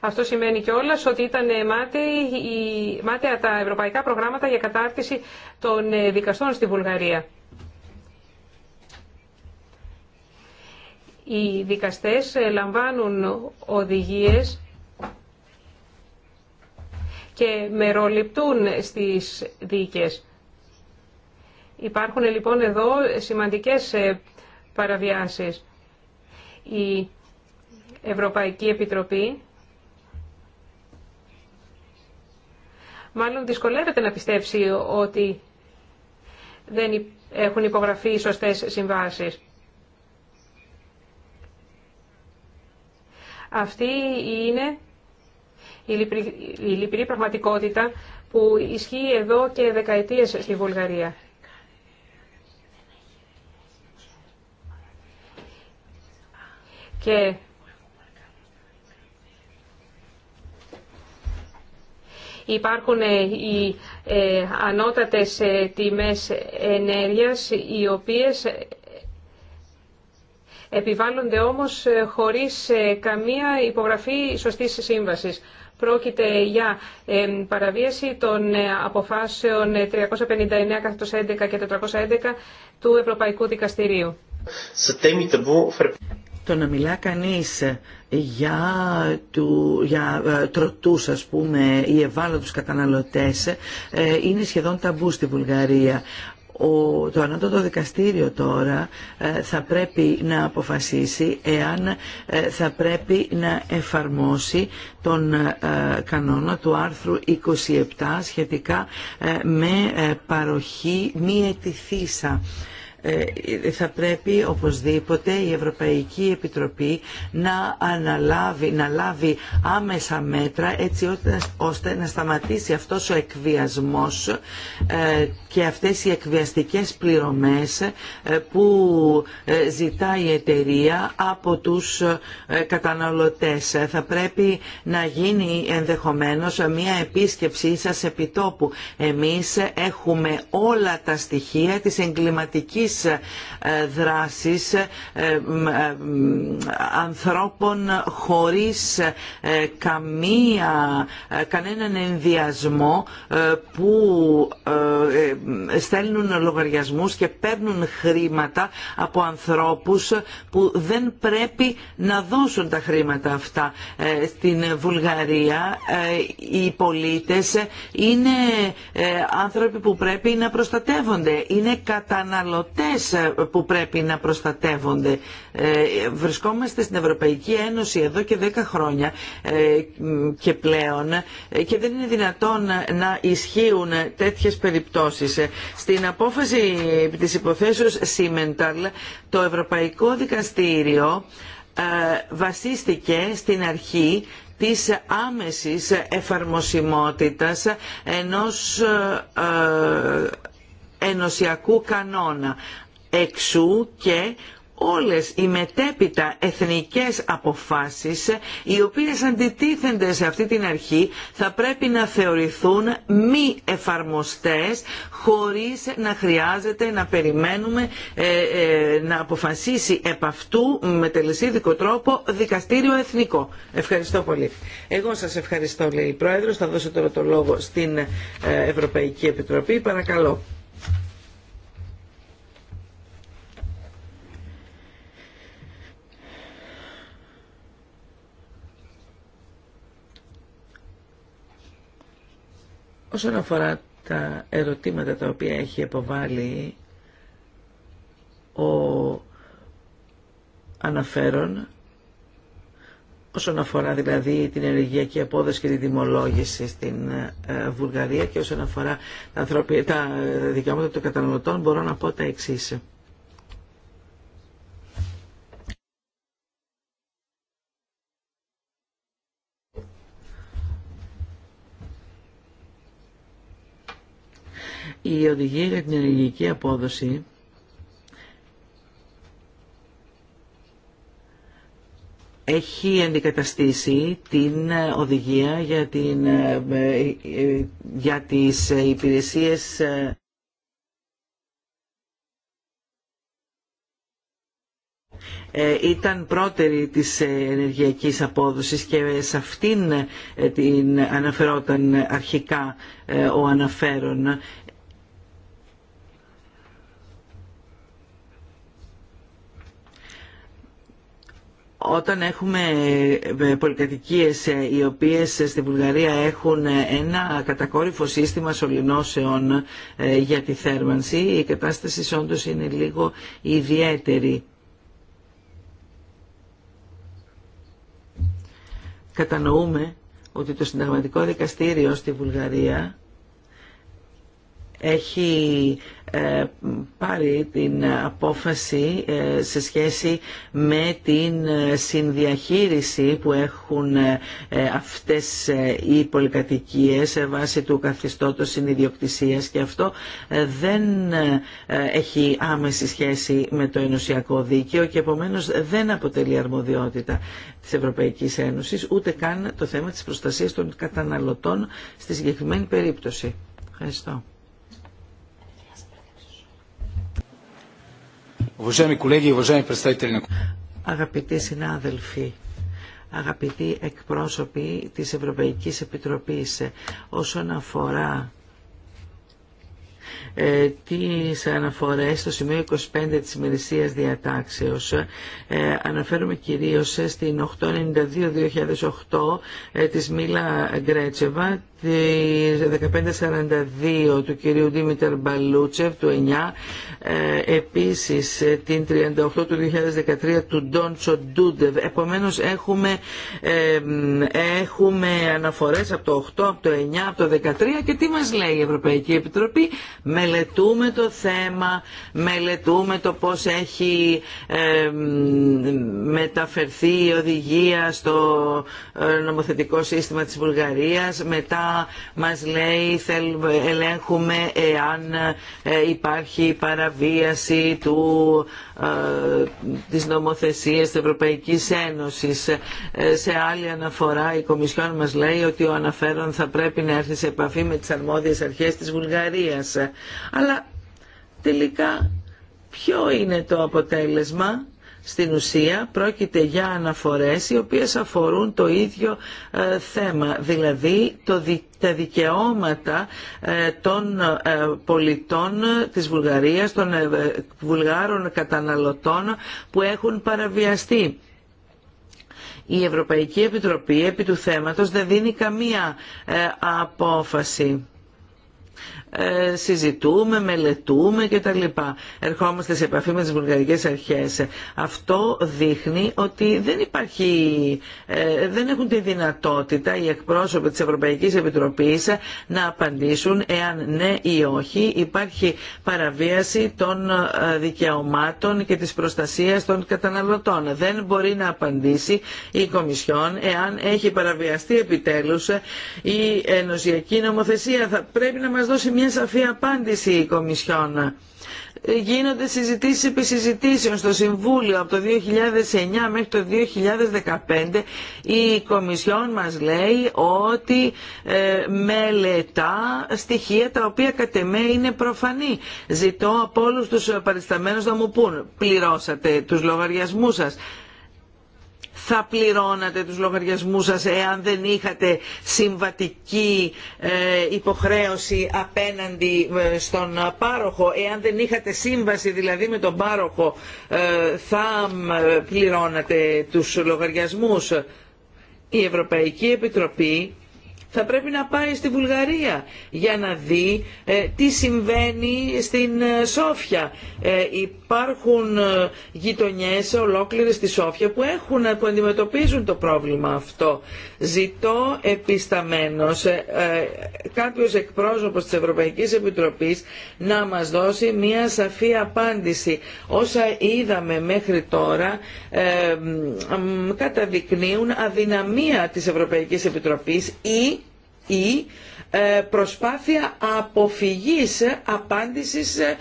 Αυτό σημαίνει κιόλα ότι ήταν ε, μάταια τα ευρωπαϊκά προγράμματα για κατάρτιση των ε, δικαστών στη Βουλγαρία. Οι δικαστές ε, λαμβάνουν οδηγίες και μεροληπτούν στις δίκες. Υπάρχουν λοιπόν εδώ σημαντικές ε, παραβιάσεις. Η Ευρωπαϊκή Επιτροπή μάλλον δυσκολεύεται να πιστέψει ότι δεν έχουν υπογραφεί σωστές συμβάσεις. Αυτή είναι η λυπηρή πραγματικότητα που ισχύει εδώ και δεκαετίες στη Βουλγαρία. Και υπάρχουν ε, οι ε, ανώτατες ε, τιμές ενέργειας, οι οποίες επιβάλλονται όμως χωρίς καμία υπογραφή σωστής σύμβασης. Πρόκειται για παραβίαση των ε, αποφάσεων 359 11 και 411 του Ευρωπαϊκού Δικαστηρίου. Το να μιλά κανείς για, του, για ε, τροτούς ας πούμε ή ευάλωτους καταναλωτές ε, είναι σχεδόν ταμπού στη Βουλγαρία ο, το ανώτατο δικαστήριο τώρα ε, θα πρέπει να αποφασίσει εάν ε, θα πρέπει να εφαρμόσει τον ε, κανόνα του άρθρου 27 σχετικά με παροχή μη ετηθήσα ε, θα πρέπει οπωσδήποτε η Ευρωπαϊκή Επιτροπή να αναλάβει, να λάβει άμεσα μέτρα έτσι ώστε να σταματήσει αυτός ο εκβιασμός ε, και αυτές οι εκβιαστικές πληρωμές ε, που ζητάει η εταιρεία από τους καταναλωτές. Θα πρέπει να γίνει ενδεχομένως μια επίσκεψή σας επιτόπου. Εμείς έχουμε όλα τα στοιχεία της εγκληματικής διεθνείς ε, δράσεις ε, ε, ανθρώπων χωρίς καμία, κανέναν ενδιασμό που στέλνουν λογαριασμούς και παίρνουν χρήματα από ανθρώπους που δεν πρέπει να δώσουν τα χρήματα αυτά. Στην Βουλγαρία οι πολίτες είναι άνθρωποι που πρέπει να προστατεύονται. Είναι καταναλωτές ε, που πρέπει να προστατεύονται. Ε, βρισκόμαστε στην Ευρωπαϊκή Ένωση εδώ και 10 χρόνια ε, και πλέον και δεν είναι δυνατόν να ισχύουν τέτοιες περιπτώσεις. Στην απόφαση της υποθέσεως Σίμενταλ το Ευρωπαϊκό Δικαστήριο βασίστηκε στην αρχή της άμεσης εφαρμοσιμότητας ενός ενωσιακού κανόνα. Εξού και όλες οι μετέπειτα εθνικές αποφάσεις οι οποίες αντιτίθενται σε αυτή την αρχή θα πρέπει να θεωρηθούν μη εφαρμοστές χωρίς να χρειάζεται να περιμένουμε ε, ε, να αποφασίσει επ' αυτού με τελεσίδικο τρόπο δικαστήριο εθνικό. Ευχαριστώ πολύ. Εγώ σας ευχαριστώ λέει η Πρόεδρος. Θα δώσω τώρα το λόγο στην ε, Ευρωπαϊκή Επιτροπή. Παρακαλώ. Όσον αφορά τα ερωτήματα τα οποία έχει υποβάλει ο αναφέρον, όσον αφορά δηλαδή την ενεργειακή απόδοση και τη δημολόγηση στην ε, Βουλγαρία και όσον αφορά τα, δικαιώματα των καταναλωτών μπορώ να πω τα εξής. Η οδηγία για την ενεργειακή απόδοση έχει αντικαταστήσει την οδηγία για, την, ε, ε, για τις υπηρεσίες ε, ήταν πρώτερη της ενεργειακής απόδοσης και σε αυτήν την αναφερόταν αρχικά ο αναφέρον όταν έχουμε ε, πολυκατοικίες ε, οι οποίες ε, στη Βουλγαρία έχουν ένα κατακόρυφο σύστημα σωληνώσεων για τη θέρμανση, η κατάσταση όντως είναι λίγο ιδιαίτερη. Κατανοούμε ότι το συνταγματικό δικαστήριο στη Βουλγαρία έχει ε, πάρει την απόφαση ε, σε σχέση με την ε, συνδιαχείριση που έχουν αυτές οι πολυκατοικίες σε βάση του καθεστώτος συνειδιοκτησίας και αυτό δεν έχει άμεση σχέση με το ενωσιακό δίκαιο και επομένως δεν αποτελεί αρμοδιότητα της Ευρωπαϊκής Ένωσης ούτε καν το θέμα της προστασίας των καταναλωτών στη συγκεκριμένη περίπτωση. Ευχαριστώ. Αγαπητοί συνάδελφοι, αγαπητοί εκπρόσωποι της Ευρωπαϊκής Επιτροπής, όσον αφορά ε, τις αναφορές στο σημείο 25 της ημερησίας διατάξεως. αναφέρουμε αναφέρομαι κυρίως στην 892-2008 ε, της Μίλα Γκρέτσεβα, 1542 του κυρίου Δήμητρ Μπαλούτσεφ του 9 ε, επίσης ε, την 38 του 2013 του Ντόντσο Ντούντεβ επομένως έχουμε, ε, έχουμε αναφορές από το 8, από το 9, από το 13 και τι μας λέει η Ευρωπαϊκή Επιτροπή μελετούμε το θέμα μελετούμε το πώς έχει μεταφερθεί η οδηγία στο νομοθετικό σύστημα της Βουλγαρίας μετά μας λέει θελ ελέγχουμε εάν ε, υπάρχει παραβίαση του, ε, της νομοθεσίας της Ευρωπαϊκής Ένωσης. Ε, σε άλλη αναφορά η Κομισιόν μας λέει ότι ο αναφέρον θα πρέπει να έρθει σε επαφή με τις αρμόδιες αρχές της Βουλγαρίας. Αλλά τελικά ποιο είναι το αποτέλεσμα στην ουσία πρόκειται για αναφορές οι οποίες αφορούν το ίδιο ε, θέμα, δηλαδή το, τα δικαιώματα ε, των ε, πολιτών της Βουλγαρίας, των βουλγάρων καταναλωτών που έχουν παραβιαστεί. Η Ευρωπαϊκή Επιτροπή επί του θέματος δεν δίνει καμία απόφαση. Ε, συζητούμε, μελετούμε κτλ. Ερχόμαστε σε επαφή με τις βουλγαρικές αρχές. Αυτό δείχνει ότι δεν υπάρχει, ε, δεν έχουν τη δυνατότητα οι εκπρόσωποι της Ευρωπαϊκής Επιτροπής να απαντήσουν εάν ναι ή όχι υπάρχει παραβίαση των ε, δικαιωμάτων και της προστασίας των καταναλωτών. Δεν μπορεί να απαντήσει η Κομισιόν εάν έχει παραβιαστεί επιτέλους η ενωσιακή νομοθεσία. Θα πρέπει να μας δώσει μια μια σαφή απάντηση η Κομισιόν. Γίνονται συζητήσεις επί συζητήσεων στο Συμβούλιο από το 2009 μέχρι το 2015. Η Κομισιόν μας λέει ότι ε, μελετά στοιχεία τα οποία κατ' εμέ είναι προφανή. Ζητώ από όλους τους παρισταμένους να μου πούν πληρώσατε τους λογαριασμούς σας θα πληρώνατε τους λογαριασμούς σας εάν δεν είχατε συμβατική ε, υποχρέωση απέναντι ε, στον πάροχο, εάν δεν είχατε σύμβαση δηλαδή με τον πάροχο ε, θα πληρώνατε τους λογαριασμούς. Η Ευρωπαϊκή Επιτροπή θα πρέπει να πάει στη Βουλγαρία για να δει ε, τι συμβαίνει στην ε, Σόφια. Ε, υπάρχουν γειτονιές ολόκληρες στη Σόφια που, έχουν, που αντιμετωπίζουν το πρόβλημα αυτό. Ζητώ επισταμένος ε, κάποιος εκπρόσωπος της Ευρωπαϊκής Επιτροπής να μας δώσει μια σαφή απάντηση. Όσα είδαμε μέχρι τώρα καταδεικνύουν αδυναμία της Ευρωπαϊκής Επιτροπής ή ή ε, προσπάθεια αποφυγής ε, απάντησης ε,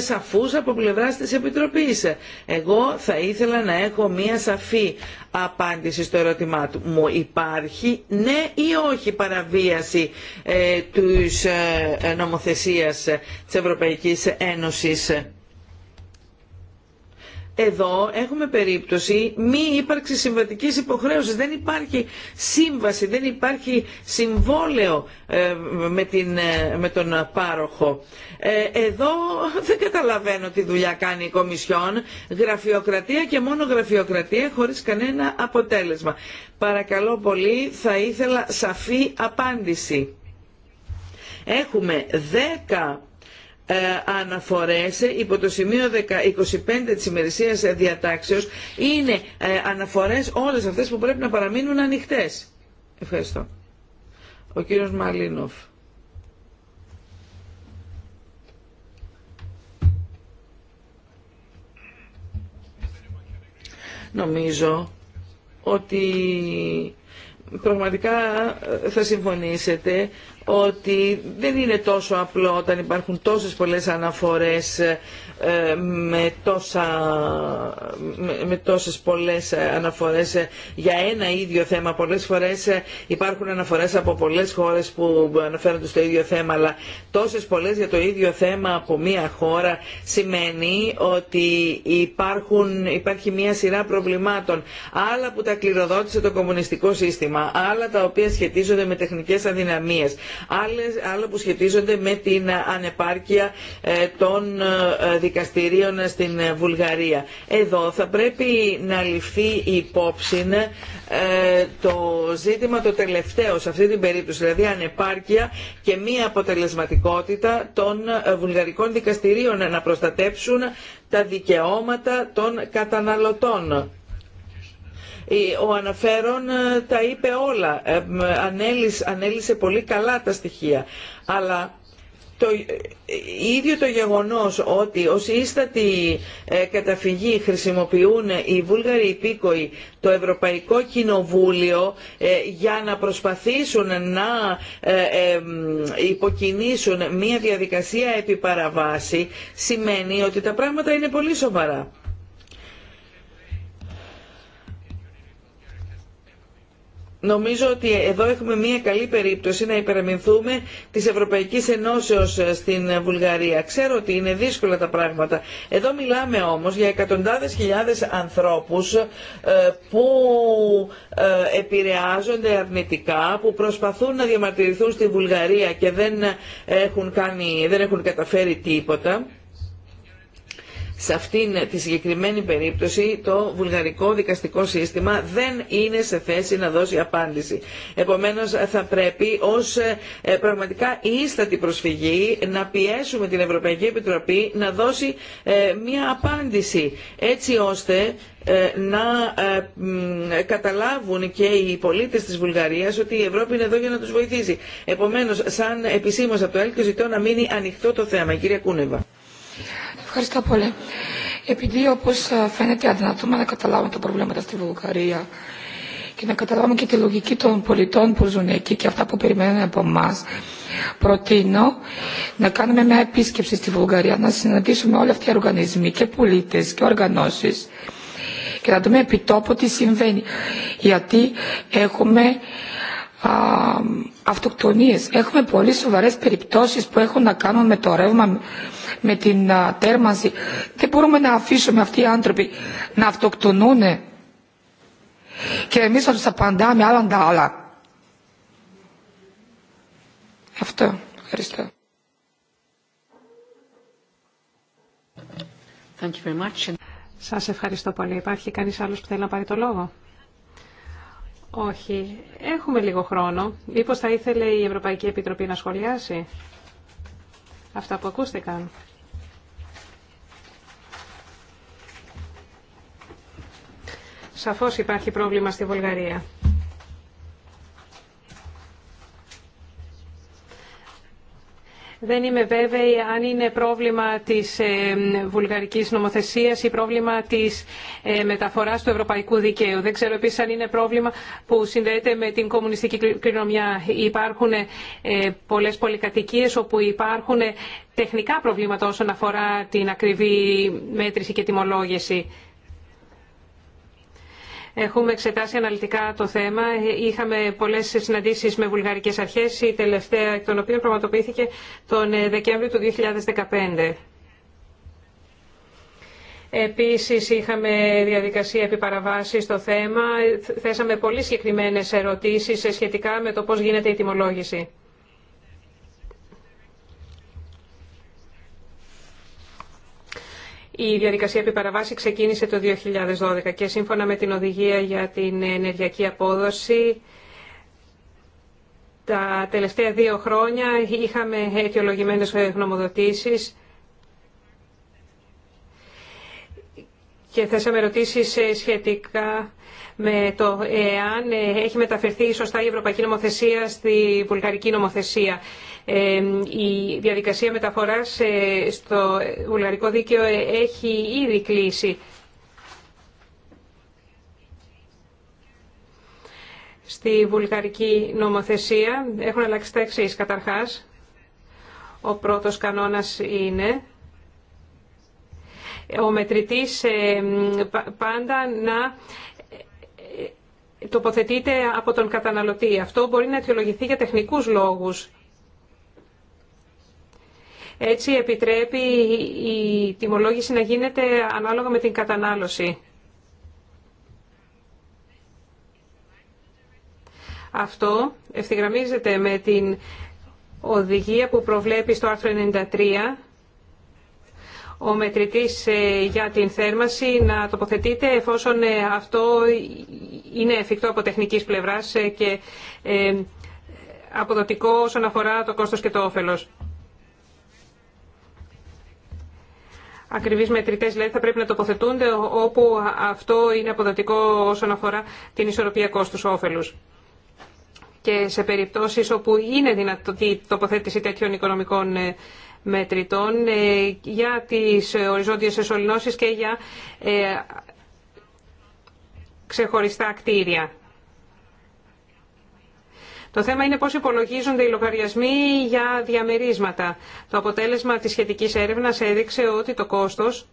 σαφούς από πλευράς της Επιτροπής. Εγώ θα ήθελα να έχω μία σαφή απάντηση στο ερώτημά του. Μου υπάρχει ναι ή όχι παραβίαση ε, της νομοθεσίας της Ευρωπαϊκής Ένωσης εδώ έχουμε περίπτωση μη ύπαρξη συμβατικής υποχρέωσης. Δεν υπάρχει σύμβαση, δεν υπάρχει συμβόλαιο ε, με, ε, με τον πάροχο. Ε, εδώ δεν καταλαβαίνω τι δουλειά κάνει η Κομισιόν. Γραφειοκρατία και μόνο γραφειοκρατία χωρίς κανένα αποτέλεσμα. Παρακαλώ πολύ, θα ήθελα σαφή απάντηση. Έχουμε 10 ε, αναφορές υπό το σημείο 25 της ημερησίας διατάξεως είναι ε, αναφορές όλες αυτές που πρέπει να παραμείνουν ανοιχτές. Ευχαριστώ. Ο κύριος Μαλίνοφ. Νομίζω ότι πραγματικά θα συμφωνήσετε ότι δεν είναι τόσο απλό όταν υπάρχουν τόσες πολλές αναφορές ε, ε, με, τόσα, με τόσες πολλές αναφορές ε, για ένα ίδιο θέμα. Πολλές φορές ε, υπάρχουν αναφορές από πολλές χώρες που αναφέρονται στο ίδιο θέμα, αλλά τόσες πολλές για το ίδιο θέμα από μία χώρα σημαίνει ότι υπάρχουν, υπάρχει μία σειρά προβλημάτων. Άλλα που τα κληροδότησε το κομμουνιστικό σύστημα, άλλα τα οποία σχετίζονται με τεχνικές αδυναμίες, άλλα που σχετίζονται με την ανεπάρκεια των δικαστηρίων στην ε, Βουλγαρία. Εδώ θα πρέπει να ληφθεί υπόψη ε, το ζήτημα το τελευταίο σε αυτή την περίπτωση, δηλαδή ανεπάρκεια και μία αποτελεσματικότητα των ε, βουλγαρικών δικαστηρίων να προστατέψουν τα δικαιώματα των καταναλωτών. Ο αναφέρον τα είπε όλα, ανέλησε πολύ καλά τα στοιχεία, αλλά το ε, ίδιο το γεγονός ότι ως ίστατη ε, καταφυγή χρησιμοποιούν οι Βούλγαροι υπήκοοι το Ευρωπαϊκό Κοινοβούλιο ε, για να προσπαθήσουν να υποκινήσουν μια διαδικασία επί παραβάση σημαίνει ότι τα πράγματα είναι πολύ σοβαρά. Νομίζω ότι εδώ έχουμε μια καλή περίπτωση να υπεραμεινθούμε της Ευρωπαϊκής Ενώσεως στην Βουλγαρία. Ξέρω ότι είναι δύσκολα τα πράγματα. Εδώ μιλάμε όμως για εκατοντάδες χιλιάδες ανθρώπους ε, που ε, επηρεάζονται αρνητικά, που προσπαθούν να διαμαρτυρηθούν στη Βουλγαρία και δεν έχουν, κάνει, δεν έχουν καταφέρει τίποτα σε αυτή τη συγκεκριμένη περίπτωση το βουλγαρικό δικαστικό σύστημα δεν είναι σε θέση να δώσει απάντηση. Επομένως θα πρέπει ως ε, πραγματικά ίστατη προσφυγή να πιέσουμε την Ευρωπαϊκή Επιτροπή να δώσει ε, μια απάντηση έτσι ώστε ε, να καταλάβουν και οι πολίτες της Βουλγαρίας ότι η Ευρώπη είναι εδώ για να τους βοηθήσει. Επομένως, σαν επισήμως από το ΕΛΚ ζητώ να μείνει ανοιχτό το θέμα. Κύριε Κούνεβα. Ευχαριστώ πολύ. Επειδή όπω ε, φαίνεται αδυνατούμε να καταλάβουμε τα προβλήματα στη Βουλγαρία και να καταλάβουμε και τη λογική των πολιτών που ζουν εκεί και αυτά που περιμένουν από εμά, προτείνω να κάνουμε μια επίσκεψη στη Βουλγαρία, να συναντήσουμε όλοι αυτοί οι οργανισμοί και πολίτε και οργανώσει και να δούμε επί τόπου τι συμβαίνει. Γιατί έχουμε αυτοκτονίες. Έχουμε πολύ σοβαρές περιπτώσεις που έχουν να κάνουν με το ρεύμα, με την τέρμανση. Δεν μπορούμε να αφήσουμε αυτοί οι άνθρωποι να αυτοκτονούν και εμείς θα τους απαντάμε άλλα τα άλλα. Αυτό. Ευχαριστώ. Σας ευχαριστώ πολύ. Υπάρχει κανείς άλλος που θέλει να πάρει το λόγο. Όχι. Έχουμε λίγο χρόνο. Μήπω θα ήθελε η Ευρωπαϊκή Επιτροπή να σχολιάσει αυτά που ακούστηκαν. Σαφώς υπάρχει πρόβλημα στη Βουλγαρία. Δεν είμαι βέβαιη αν είναι πρόβλημα της ε, βουλγαρικής νομοθεσίας ή πρόβλημα της ε, μεταφοράς του ευρωπαϊκού δικαίου. Δεν ξέρω επίσης αν είναι πρόβλημα που συνδέεται με την κομμουνιστική κληρονομιά. Υπάρχουν ε, πολλές πολυκατοικίες όπου υπάρχουν τεχνικά προβλήματα όσον αφορά την ακριβή μέτρηση και τιμολόγηση. Έχουμε εξετάσει αναλυτικά το θέμα. Είχαμε πολλές συναντήσεις με βουλγαρικές αρχές, η τελευταία εκ των οποίων πραγματοποιήθηκε τον ε, Δεκέμβριο του 2015. Επίσης είχαμε διαδικασία επιπαραβάσης στο θέμα. Θέσαμε πολύ συγκεκριμένες ερωτήσεις ε, σχετικά με το πώς γίνεται η τιμολόγηση. Η διαδικασία επιπαραβάση ξεκίνησε το 2012 και σύμφωνα με την οδηγία για την ενεργειακή απόδοση τα τελευταία δύο χρόνια είχαμε αιτιολογημένες γνωμοδοτήσεις και θέσαμε ερωτήσει ε, σχετικά με το εάν ε, έχει μεταφερθεί σωστά η Ευρωπαϊκή Νομοθεσία στη Βουλγαρική Νομοθεσία. Ε, η διαδικασία μεταφοράς στο Βουλγαρικό Δίκαιο έχει ήδη κλείσει. Στη Βουλγαρική Νομοθεσία έχουν αλλάξει τα εξής. Καταρχάς, ο πρώτος κανόνας είναι ο μετρητής ε, πάντα να ε, τοποθετείται από τον καταναλωτή. Αυτό μπορεί να αιτιολογηθεί για τεχνικούς λόγους. Έτσι επιτρέπει η τιμολόγηση να γίνεται ανάλογα με την κατανάλωση. Αυτό ευθυγραμμίζεται με την οδηγία που προβλέπει στο άρθρο 93 ο μετρητής ε, για την θέρμαση να τοποθετείται εφόσον ε, αυτό είναι εφικτό από τεχνικής πλευράς ε, και αποδοτικό όσον αφορά το κόστος και το όφελος. Ακριβείς μετρητές λέει θα πρέπει να τοποθετούνται όπου αυτό είναι αποδοτικό όσον αφορά την ισορροπία κόστους όφελους. Και σε περιπτώσεις όπου είναι δυνατή τοποθέτηση τέτοιων οικονομικών μετρητών ε, για τις οριζόντιες εσωληνώσεις και για ε, ξεχωριστά κτίρια. Το θέμα είναι πώς υπολογίζονται οι λογαριασμοί για διαμερίσματα. Το αποτέλεσμα της σχετικής έρευνας έδειξε ότι το κόστος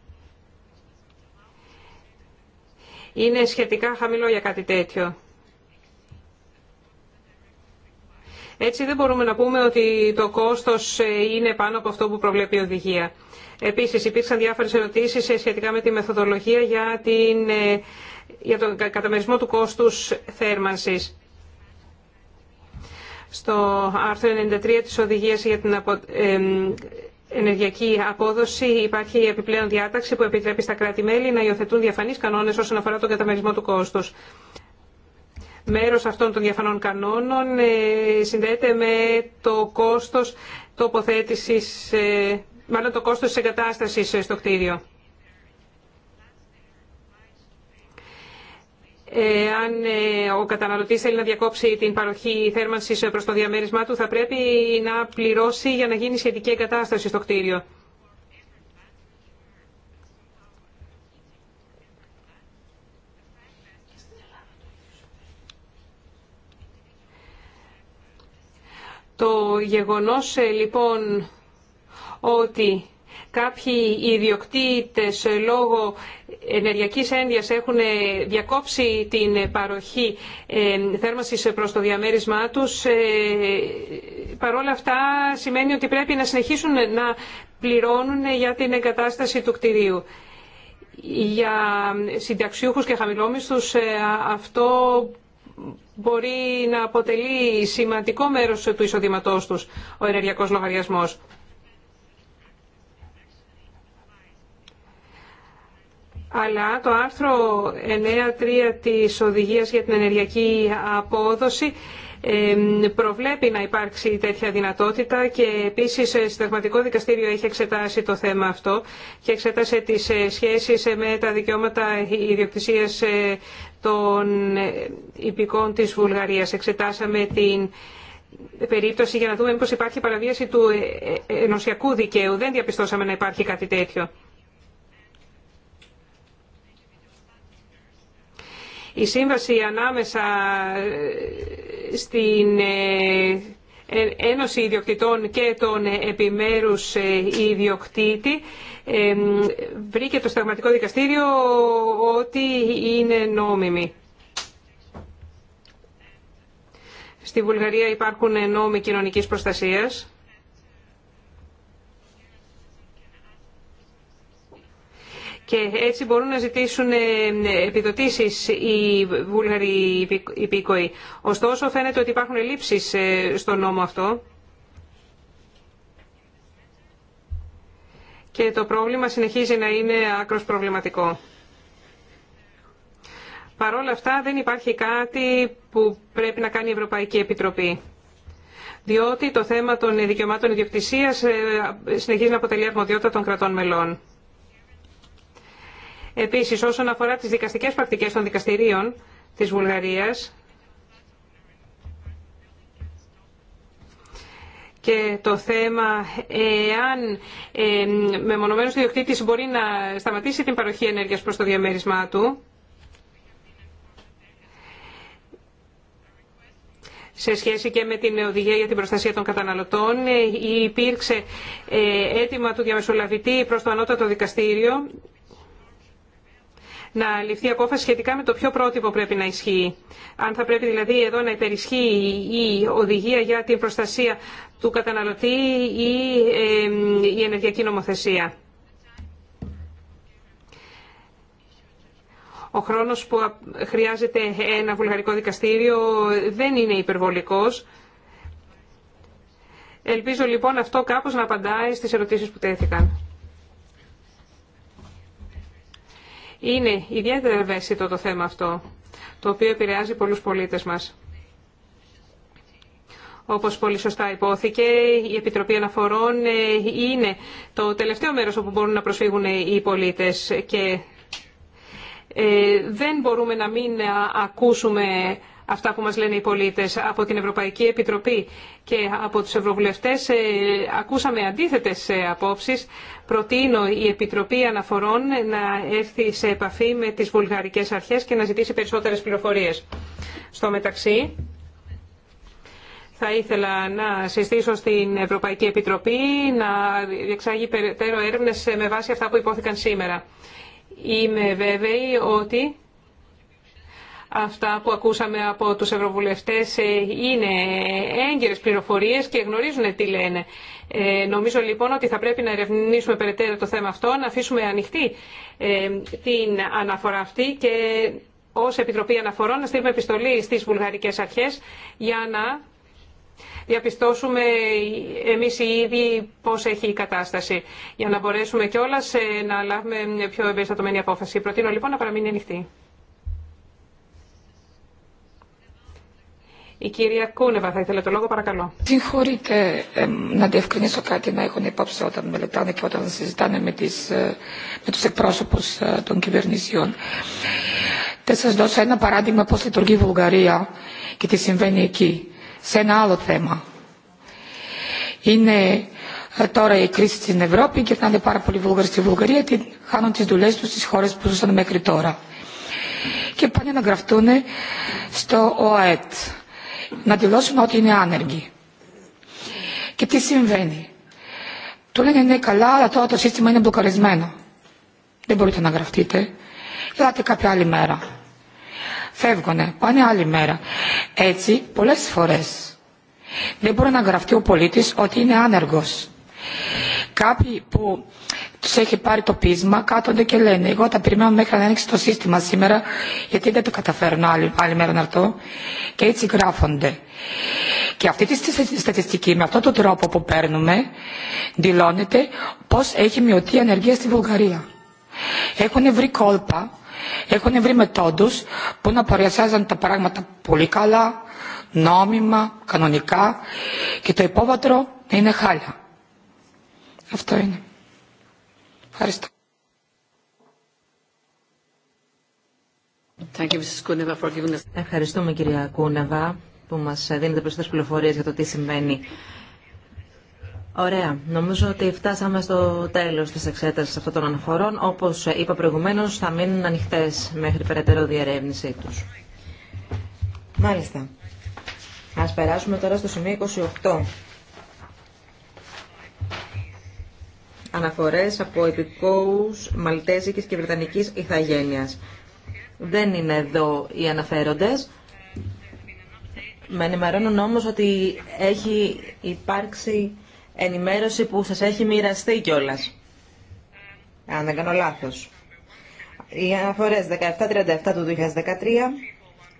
είναι σχετικά χαμηλό για κάτι τέτοιο. Έτσι δεν μπορούμε να πούμε ότι το κόστος ε, είναι πάνω από αυτό που προβλέπει η οδηγία. Επίσης υπήρξαν διάφορες ερωτήσεις ε, σχετικά με τη μεθοδολογία για, την, ε, για τον καταμερισμό του κόστους θέρμανσης. Στο άρθρο 93 της οδηγίας για την ενεργειακή απόδοση υπάρχει επιπλέον διάταξη που επιτρέπει στα κράτη-μέλη να υιοθετούν διαφανείς κανόνες όσον αφορά τον καταμερισμό του κόστους. Μέρος αυτών των διαφανών κανόνων ε, συνδέεται με το κόστος τοποθέτησης, ε, μάλλον το κόστος της εγκατάστασης ε, στο κτίριο. αν ο καταναλωτής θέλει να διακόψει την παροχή θέρμανσης προς το διαμέρισμά του, θα πρέπει να πληρώσει για να γίνει σχετική εγκατάσταση στο κτίριο. γεγονός ε, λοιπόν ότι κάποιοι ιδιοκτήτες ε, λόγω ενεργειακής ένδυας έχουν ε, διακόψει την παροχή θέρμασης προς το διαμέρισμά τους. Παρόλα αυτά σημαίνει ότι πρέπει να συνεχίσουν να πληρώνουν για την εγκατάσταση του κτηρίου. Για συνταξιούχους και χαμηλόμισθους αυτό μπορεί να αποτελεί σημαντικό μέρος του εισοδήματός τους ο ενεργειακός λογαριασμός. Αλλά το άρθρο 9.3 της Οδηγίας για την Ενεργειακή Απόδοση προβλέπει να υπάρξει τέτοια δυνατότητα και επίσης το ε, Συνταγματικό Δικαστήριο έχει εξετάσει το θέμα αυτό και εξέτασε τις ε, σχέσεις ε, με τα δικαιώματα ιδιοκτησίας των υπηκών της Βουλγαρίας. Εξετάσαμε την περίπτωση για να δούμε μήπως υπάρχει παραβίαση του ε, ε, ενωσιακού δικαίου. Δεν διαπιστώσαμε να υπάρχει κάτι τέτοιο. Η σύμβαση ανάμεσα ε, στην Ένωση Ιδιοκτητών και τον επιμέρους ιδιοκτήτη βρήκε το Σταγματικό Δικαστήριο ότι είναι νόμιμη. Στη Βουλγαρία υπάρχουν νόμοι κοινωνικής προστασίας. Και έτσι μπορούν να ζητήσουν ε, επιδοτήσεις οι Βούλγαροι υπήκοοι. Ωστόσο φαίνεται ότι υπάρχουν ελλείψεις ε, στο νόμο αυτό. και το πρόβλημα συνεχίζει να είναι άκρος προβληματικό. Παρ' όλα αυτά δεν υπάρχει κάτι που πρέπει να κάνει η Ευρωπαϊκή Επιτροπή. Διότι το θέμα των δικαιωμάτων ιδιοκτησία ε, συνεχίζει να αποτελεί αρμοδιότητα των κρατών μελών. Επίσης, όσον αφορά τις δικαστικές πρακτικές των δικαστηρίων της Βουλγαρίας, και το θέμα εάν ε, μεμονωμένος διοκτήτης μπορεί να σταματήσει την παροχή ενέργειας προς το διαμέρισμά του. σε σχέση και με την οδηγία για την προστασία των καταναλωτών. Ε, υπήρξε ε, αίτημα του διαμεσολαβητή προς το ανώτατο δικαστήριο να ληφθεί απόφαση σχετικά με το ποιο πρότυπο πρέπει να ισχύει. Αν θα πρέπει δηλαδή εδώ να υπερισχύει η οδηγία για την προστασία του καταναλωτή ή η ενεργειακή νομοθεσία. Ο χρόνος που χρειάζεται ένα βουλγαρικό δικαστήριο δεν είναι υπερβολικός. Ελπίζω λοιπόν αυτό κάπως να απαντάει στις ερωτήσεις που τέθηκαν. Είναι ιδιαίτερα ευαίσθητο το θέμα αυτό, το οποίο επηρεάζει πολλούς πολίτες μας. Όπως πολύ σωστά υπόθηκε, η Επιτροπή Αναφορών ε, είναι το τελευταίο μέρος όπου μπορούν να προσφύγουν ε, οι πολίτες και ε, δεν μπορούμε να μην ακούσουμε αυτά που μας λένε οι πολίτες. Από την Ευρωπαϊκή Επιτροπή και από τους Ευρωβουλευτές ε, ακούσαμε αντίθετες ε, απόψεις. Προτείνω η Επιτροπή Αναφορών να έρθει σε επαφή με τις βουλγαρικές αρχές και να ζητήσει περισσότερες πληροφορίες. Στο μεταξύ, θα ήθελα να συστήσω στην Ευρωπαϊκή Επιτροπή να διεξάγει περαιτέρω έρευνες με βάση αυτά που υπόθηκαν σήμερα. Είμαι βέβαιη ότι Αυτά που ακούσαμε από τους ευρωβουλευτές ε, είναι έγκυρες πληροφορίες και γνωρίζουν τι λένε. Ε, νομίζω λοιπόν ότι θα πρέπει να ερευνήσουμε περαιτέρω το θέμα αυτό, να αφήσουμε ανοιχτή ε, την αναφορά αυτή και ως Επιτροπή Αναφορών να στείλουμε επιστολή στις βουλγαρικές αρχές για να διαπιστώσουμε εμείς οι ίδιοι πώς έχει η κατάσταση για να μπορέσουμε κιόλας ε, να λάβουμε πιο εμπεριστατωμένη απόφαση. Προτείνω λοιπόν να παραμείνει ανοιχτή. Η κυρία Κούνεβα θα ήθελε το λόγο, παρακαλώ. Συγχωρείτε ε, να διευκρινίσω κάτι να έχουν υπόψη όταν μελετάνε και όταν συζητάνε με, τις, ε, με τους εκπρόσωπους ε, των κυβερνησιών. Θα σας δώσω ένα παράδειγμα πώς λειτουργεί η Βουλγαρία και τι συμβαίνει εκεί. Σε ένα άλλο θέμα. Είναι ε, τώρα η κρίση στην Ευρώπη και θα πάρα πολλοί Βούλγαροι στη Βουλγαρία και χάνουν τις δουλειές τους στις χώρες που ζούσαν μέχρι τώρα. Και πάνε να γραφτούν στο ΟΑΕΤ να δηλώσουν ότι είναι άνεργοι. Και τι συμβαίνει. Του λένε ναι καλά, αλλά τώρα το σύστημα είναι μπλοκαρισμένο. Δεν μπορείτε να γραφτείτε. Ελάτε κάποια άλλη μέρα. Φεύγουνε, πάνε άλλη μέρα. Έτσι, πολλές φορές δεν μπορεί να γραφτεί ο πολίτης ότι είναι άνεργος. Κάποιοι που του έχει πάρει το πείσμα, κάθονται και λένε εγώ θα περιμένω μέχρι να ανοίξει το σύστημα σήμερα γιατί δεν το καταφέρνω άλλη, άλλη μέρα να έρθω και έτσι γράφονται. Και αυτή τη στατιστική με αυτόν τον τρόπο που παίρνουμε δηλώνεται πώ έχει μειωθεί η ανεργία στη Βουλγαρία. Έχουν βρει κόλπα, έχουν βρει μετόντου που να παρουσιάζουν τα πράγματα πολύ καλά, νόμιμα, κανονικά και το υπόβατρο να είναι χάλια. Αυτό είναι. Ευχαριστώ. Ευχαριστούμε κυρία Κούνεβα που μας δίνετε περισσότερες πληροφορίες για το τι συμβαίνει. Ωραία. Νομίζω ότι φτάσαμε στο τέλος της εξέτασης αυτών των αναφορών. Όπως είπα προηγουμένως, θα μείνουν ανοιχτές μέχρι περαιτέρω διερεύνησή τους. Μάλιστα. Ας περάσουμε τώρα στο σημείο 28. αναφορές από επικόους Μαλτέζικης και Βρετανικής Ιθαγένειας. Δεν είναι εδώ οι αναφέροντες. Με ενημερώνουν όμως ότι έχει υπάρξει ενημέρωση που σας έχει μοιραστεί κιόλας. Αν δεν κάνω λάθος. Οι αναφορές 1737 του 2013,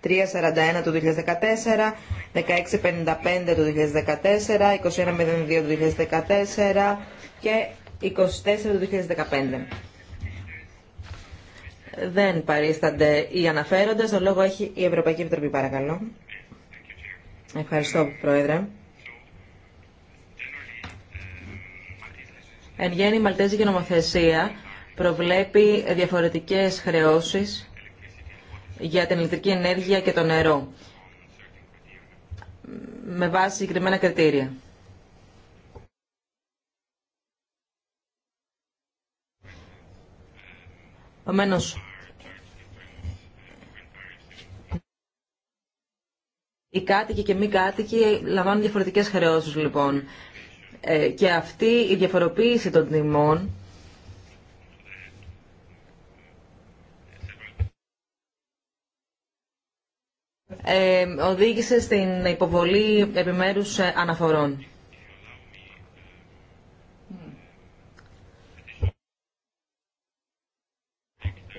341 του 2014, 1655 του 2014, 2102 του 2014 και 24 του 2015. Δεν παρίστανται οι αναφέροντες. Το λόγο έχει η Ευρωπαϊκή Επιτροπή, παρακαλώ. Ευχαριστώ, Πρόεδρε. Εν γέννη, η Μαλτέζικη νομοθεσία προβλέπει διαφορετικές χρεώσεις για την ηλεκτρική ενέργεια και το νερό με βάση συγκεκριμένα κριτήρια. Επομένω. Οι κάτοικοι και μη κάτοικοι λαμβάνουν διαφορετικές χρεώσεις λοιπόν. Ε, και αυτή η διαφοροποίηση των τιμών ε, οδήγησε στην υποβολή επιμέρους αναφορών.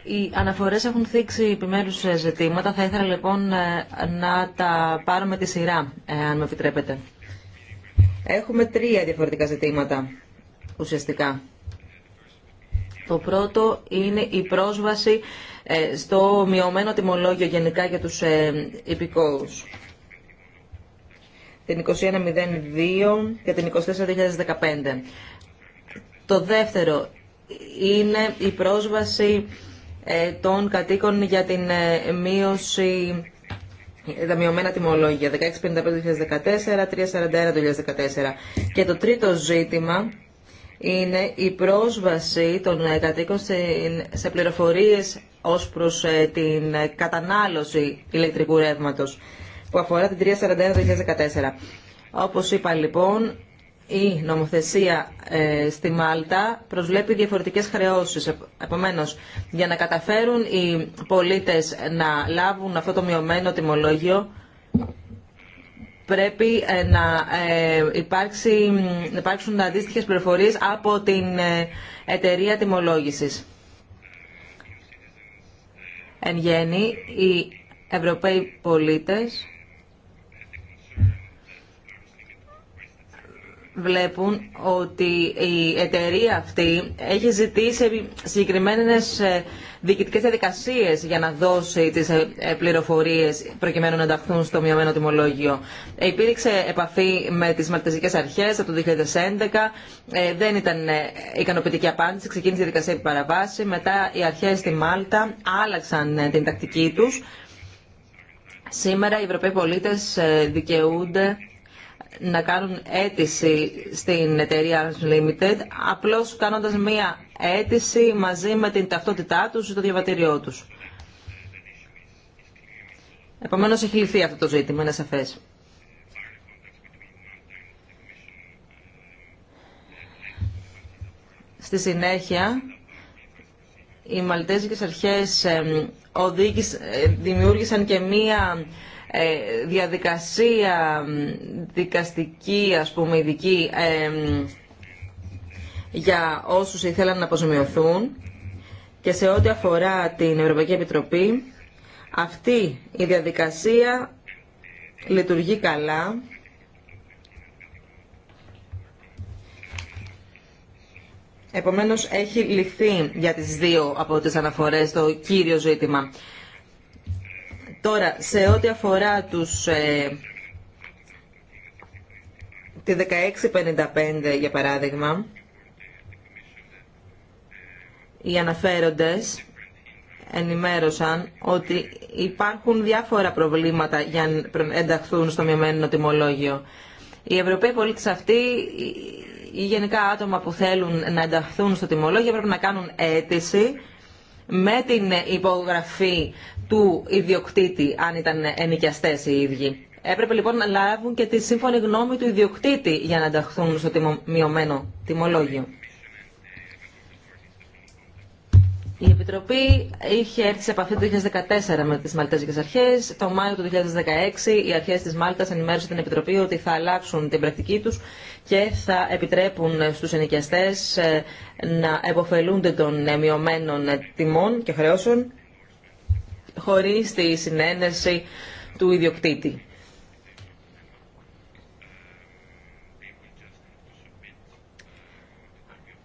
Οι αναφορές έχουν θίξει επιμέρους ε, ζητήματα. Θα ήθελα λοιπόν ε, να τα πάρουμε τη σειρά, ε, αν με επιτρέπετε. Έχουμε τρία διαφορετικά ζητήματα, ουσιαστικά. Το πρώτο είναι η πρόσβαση στο μειωμένο τιμολόγιο γενικά για τους υπηκόους. Την 2102 και την 24-2015. Το δεύτερο είναι η πρόσβαση ε, των κατοίκων για την ε, μείωση τα μειωμένα τιμολόγια 1655-2014, 341-2014. Και το τρίτο ζήτημα είναι η πρόσβαση των ε, κατοίκων σε πληροφορίες ως προς την κατανάλωση ηλεκτρικού ρεύματος που αφορά την 341-2014. Όπως είπα λοιπόν, η νομοθεσία ε, στη Μάλτα προσβλέπει διαφορετικές χρεώσεις. Ε, επομένως, για να καταφέρουν οι πολίτες να λάβουν αυτό το μειωμένο τιμολόγιο, πρέπει ε, να, υπάρξει, να υπάρξουν αντίστοιχες πληροφορίες από την εταιρεία τιμολόγησης. Εν γέννη, οι Ευρωπαίοι πολίτες βλέπουν ότι η εταιρεία αυτή έχει ζητήσει συγκεκριμένε ε, διοικητικέ διαδικασίες για να δώσει τις ε, πληροφορίε προκειμένου να ενταχθούν στο μειωμένο τιμολόγιο. Υπήρξε επαφή με τις μαρτεζικέ αρχές από το 2011, ε, δεν ήταν ικανοποιητική απάντηση, ξεκίνησε η διαδικασία επί παραβάση, μετά οι αρχέ στη Μάλτα άλλαξαν την τακτική του. Σήμερα οι Ευρωπαίοι πολίτε δικαιούνται να κάνουν αίτηση στην εταιρεία Unlimited απλώς κάνοντας μία αίτηση μαζί με την ταυτότητά τους ή το διαβατήριό τους. Επομένως έχει λυθεί αυτό το ζήτημα, είναι σαφές. Στη συνέχεια, οι Μαλτέζικες αρχές οδήγησαν, ε, δημιούργησαν και μία ε, διαδικασία δικαστική, ας πούμε, ειδική για όσους ήθελαν να αποζημιωθούν και σε ό,τι αφορά την Ευρωπαϊκή Επιτροπή, αυτή η διαδικασία λειτουργεί καλά. Επομένως, έχει ληφθεί για τις δύο από τις αναφορές το κύριο ζήτημα. Τώρα, σε ό,τι αφορά τους, ε, τη 1655, για παράδειγμα, οι αναφέροντες ενημέρωσαν ότι υπάρχουν διάφορα προβλήματα για να ενταχθούν στο μειωμένο τιμολόγιο. Οι Ευρωπαίοι πολίτε αυτοί ή γενικά άτομα που θέλουν να ενταχθούν στο τιμολόγιο πρέπει να κάνουν αίτηση με την υπογραφή του ιδιοκτήτη, αν ήταν ενοικιαστέ οι ίδιοι. Έπρεπε λοιπόν να λάβουν και τη σύμφωνη γνώμη του ιδιοκτήτη για να ενταχθούν στο μειωμένο τιμολόγιο. Η Επιτροπή είχε έρθει σε επαφή το 2014 με τις Μαλτέζικε Αρχές. Το Μάιο του 2016 οι αρχέ της Μάλτας ενημέρωσαν την Επιτροπή ότι θα αλλάξουν την πρακτική τους και θα επιτρέπουν στους ενοικιαστέ ε, να εποφελούνται των μειωμένων τιμών και χρεώσεων χωρί τη συνένεση του ιδιοκτήτη.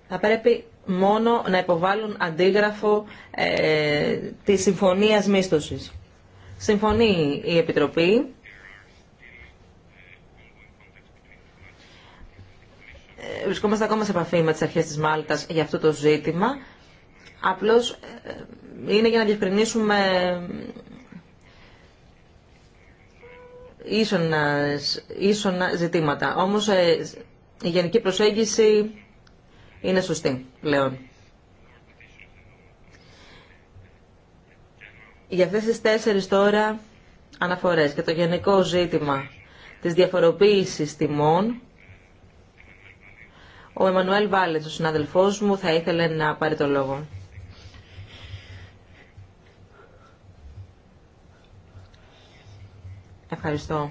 Θα πρέπει μόνο να υποβάλουν αντίγραφο ε, της συμφωνίας μίσθωσης. Συμφωνεί η Επιτροπή. Ε, βρισκόμαστε ακόμα σε επαφή με τις αρχές της Μάλτας για αυτό το ζήτημα. Απλώς ε, είναι για να διευκρινίσουμε ε, ίσονα, ζητήματα. Όμως η γενική προσέγγιση είναι σωστή πλέον. Για αυτές τις τέσσερις τώρα αναφορές και το γενικό ζήτημα της διαφοροποίησης τιμών, ο Εμμανουέλ Βάλετς, ο συναδελφός μου, θα ήθελε να πάρει το λόγο. Ευχαριστώ.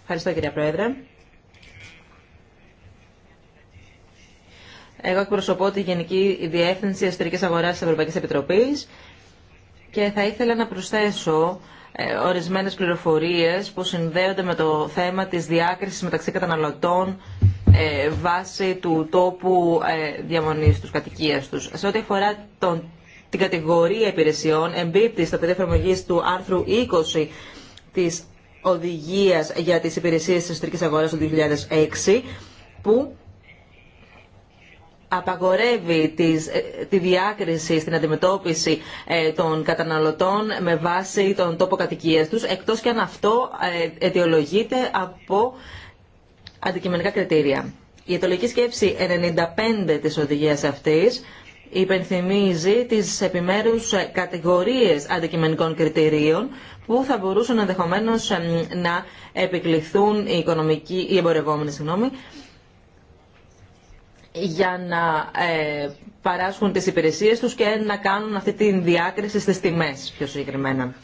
Ευχαριστώ κυρία Πρόεδρε. Εγώ εκπροσωπώ τη Γενική Διεύθυνση Εσωτερική Αγορά τη Ευρωπαϊκή Επιτροπή και θα ήθελα να προσθέσω ε, ορισμένες πληροφορίες που συνδέονται με το θέμα της διάκρισης μεταξύ καταναλωτών ε, βάσει του τόπου ε, διαμονής τους, κατοικίας τους. Σε ό,τι αφορά τον, την κατηγορία υπηρεσιών, εμπίπτει στα πεδία εφαρμογή του άρθρου 20 της Οδηγίας για τις Υπηρεσίες της Εσωτερικής Αγοράς του 2006, που απαγορεύει ε, τη διάκριση στην αντιμετώπιση ε, των καταναλωτών με βάση τον τόπο κατοικίας τους, εκτός και αν αυτό ε, αιτιολογείται από αντικειμενικά κριτήρια. Η αιτιολογική σκέψη 95 της οδηγίας αυτής υπενθυμίζει τις επιμέρους κατηγορίες αντικειμενικών κριτηρίων που θα μπορούσαν ενδεχομένω να επικληθούν οι, οι εμπορευόμενοι για να ε, παράσχουν τις υπηρεσίες τους και να κάνουν αυτή τη διάκριση στις τιμές πιο συγκεκριμένα.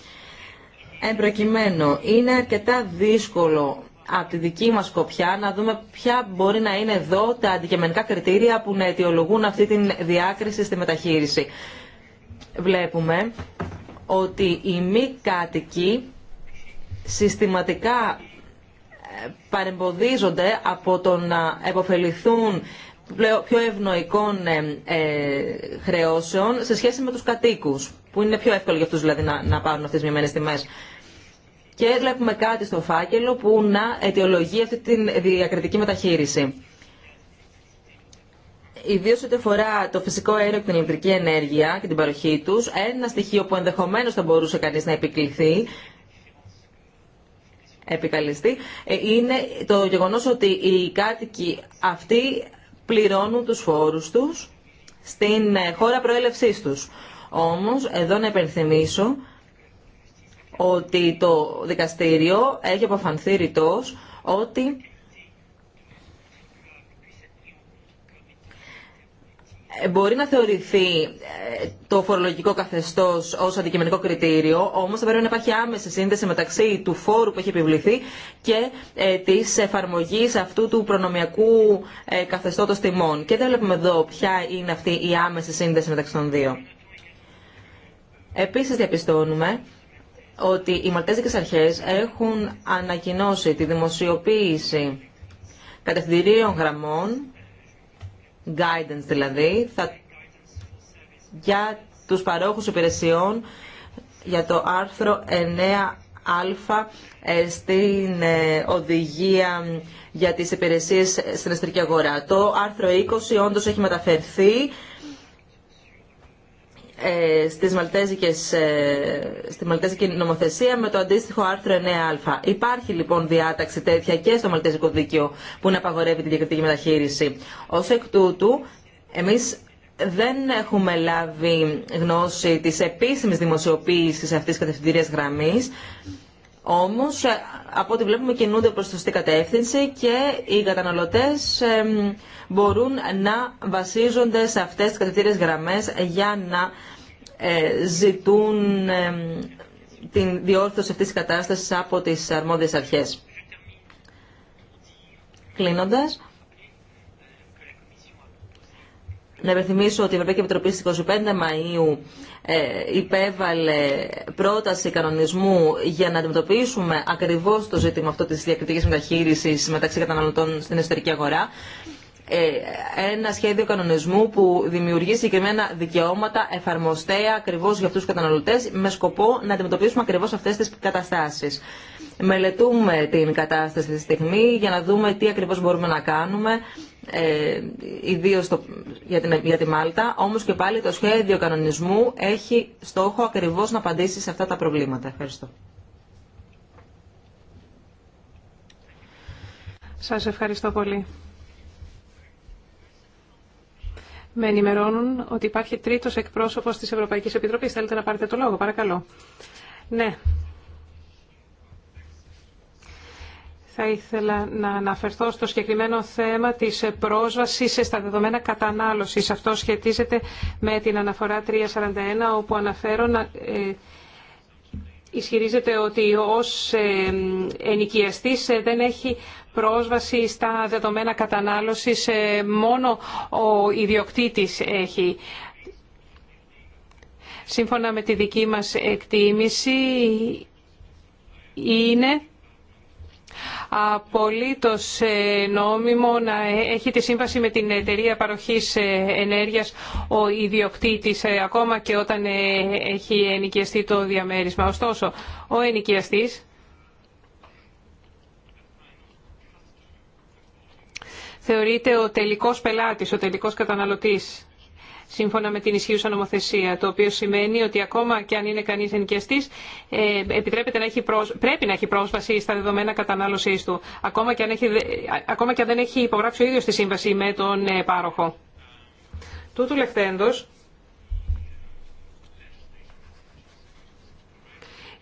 Εν προκειμένου, είναι αρκετά δύσκολο από τη δική μας κοπιά να δούμε ποια μπορεί να είναι εδώ τα αντικειμενικά κριτήρια που να αιτιολογούν αυτή τη διάκριση στη μεταχείριση. Βλέπουμε ότι οι μη κάτοικοι συστηματικά ε, παρεμποδίζονται από το να επωφεληθούν πιο ευνοϊκών ε, ε, χρεώσεων σε σχέση με τους κατοίκους, που είναι πιο εύκολο για αυτούς δηλαδή να, να πάρουν αυτές τις μειωμένες τιμές. Και βλέπουμε κάτι στο φάκελο που να αιτιολογεί αυτή τη διακριτική μεταχείριση. Ιδίω ό,τι αφορά το φυσικό αέριο και την ηλεκτρική ενέργεια και την παροχή του, ένα στοιχείο που ενδεχομένω θα μπορούσε κανεί να επικληθεί ε, είναι το γεγονό ότι οι κάτοικοι αυτοί πληρώνουν τους φόρους τους στην ε, χώρα προέλευσής τους. Όμως, εδώ να υπενθυμίσω ότι το δικαστήριο έχει αποφανθεί ρητός ότι Ε, μπορεί να θεωρηθεί ε, το φορολογικό καθεστώ ω αντικειμενικό κριτήριο, όμω θα πρέπει να υπάρχει άμεση σύνδεση μεταξύ του φόρου που έχει επιβληθεί και ε, τη εφαρμογή αυτού του προνομιακού καθεστώτο τιμών. Και δεν βλέπουμε εδώ ποια είναι αυτή η άμεση σύνδεση μεταξύ των δύο. Επίσης διαπιστώνουμε ότι οι Μαλτέζικες Αρχές έχουν ανακοινώσει τη δημοσιοποίηση κατευθυντηρίων γραμμών guidance δηλαδή, για τους παρόχους υπηρεσιών για το άρθρο 9α ε, στην ε, οδηγία για τις υπηρεσίες στην εστρική αγορά. Το άρθρο 20 όντως έχει μεταφερθεί ε, στις Μαλτέζικες, ε, στη Μαλτέζικη νομοθεσία με το αντίστοιχο άρθρο 9α. Υπάρχει λοιπόν διάταξη τέτοια και στο Μαλτέζικο Δίκαιο που να απαγορεύει την διακριτική μεταχείριση. Ως εκ τούτου, εμείς δεν έχουμε λάβει γνώση της επίσημης δημοσιοποίησης αυτής της κατευθυντηρίας γραμμής. Όμως, ε, από ό,τι βλέπουμε, κινούνται προς σωστή κατεύθυνση και οι καταναλωτές μπορούν να βασίζονται σε αυτές τις κατευθύνες γραμμές για να ε, ζητούν την διόρθωση αυτής της κατάστασης από τις αρμόδιες αρχές. Κλείνοντας, Να υπενθυμίσω ότι η Ευρωπαϊκή Επιτροπή στις 25 Μαΐου ε, υπέβαλε πρόταση κανονισμού για να αντιμετωπίσουμε ακριβώς το ζήτημα αυτό της διακριτικής μεταχείρισης μεταξύ καταναλωτών στην εσωτερική αγορά. Ε, ένα σχέδιο κανονισμού που δημιουργεί συγκεκριμένα δικαιώματα εφαρμοστέα ακριβώς για αυτούς τους καταναλωτές με σκοπό να αντιμετωπίσουμε ακριβώς αυτές τις καταστάσεις. Μελετούμε την κατάσταση τη στιγμή για να δούμε τι ακριβώς μπορούμε να κάνουμε ε, ιδίω για, την, για τη Μάλτα. Όμω και πάλι το σχέδιο κανονισμού έχει στόχο ακριβώ να απαντήσει σε αυτά τα προβλήματα. Ευχαριστώ. Σας ευχαριστώ πολύ. Με ενημερώνουν ότι υπάρχει τρίτος εκπρόσωπος της Ευρωπαϊκής Επιτροπής. Θέλετε να πάρετε το λόγο, παρακαλώ. Ναι, Θα ήθελα να αναφερθώ στο συγκεκριμένο θέμα της πρόσβασης στα δεδομένα κατανάλωσης. Αυτό σχετίζεται με την αναφορά 341, όπου ε, ισχυρίζεται ότι ως ε, ενοικιαστής ε, δεν έχει πρόσβαση στα δεδομένα κατανάλωσης, ε, μόνο ο ιδιοκτήτης έχει. Σύμφωνα με τη δική μας εκτίμηση, είναι απολύτως ε, νόμιμο να έχει τη σύμβαση με την εταιρεία παροχής ε, ενέργειας ο ιδιοκτήτης ε, ακόμα και όταν έχει ενοικιαστεί το διαμέρισμα. Ωστόσο, ο ενοικιαστής θεωρείται ο τελικός πελάτης, ο τελικός καταναλωτής σύμφωνα με την ισχύουσα νομοθεσία, το οποίο σημαίνει ότι ακόμα και αν είναι κανεί ενοικιαστή, ε, επιτρέπεται πρέπει να έχει πρόσβαση στα δεδομένα κατανάλωσή του, ακόμα και αν, έχει... ακόμα και αν δεν έχει υπογράψει ο ίδιος τη σύμβαση με τον ε, πάροχο. Τούτου λεχθέντος,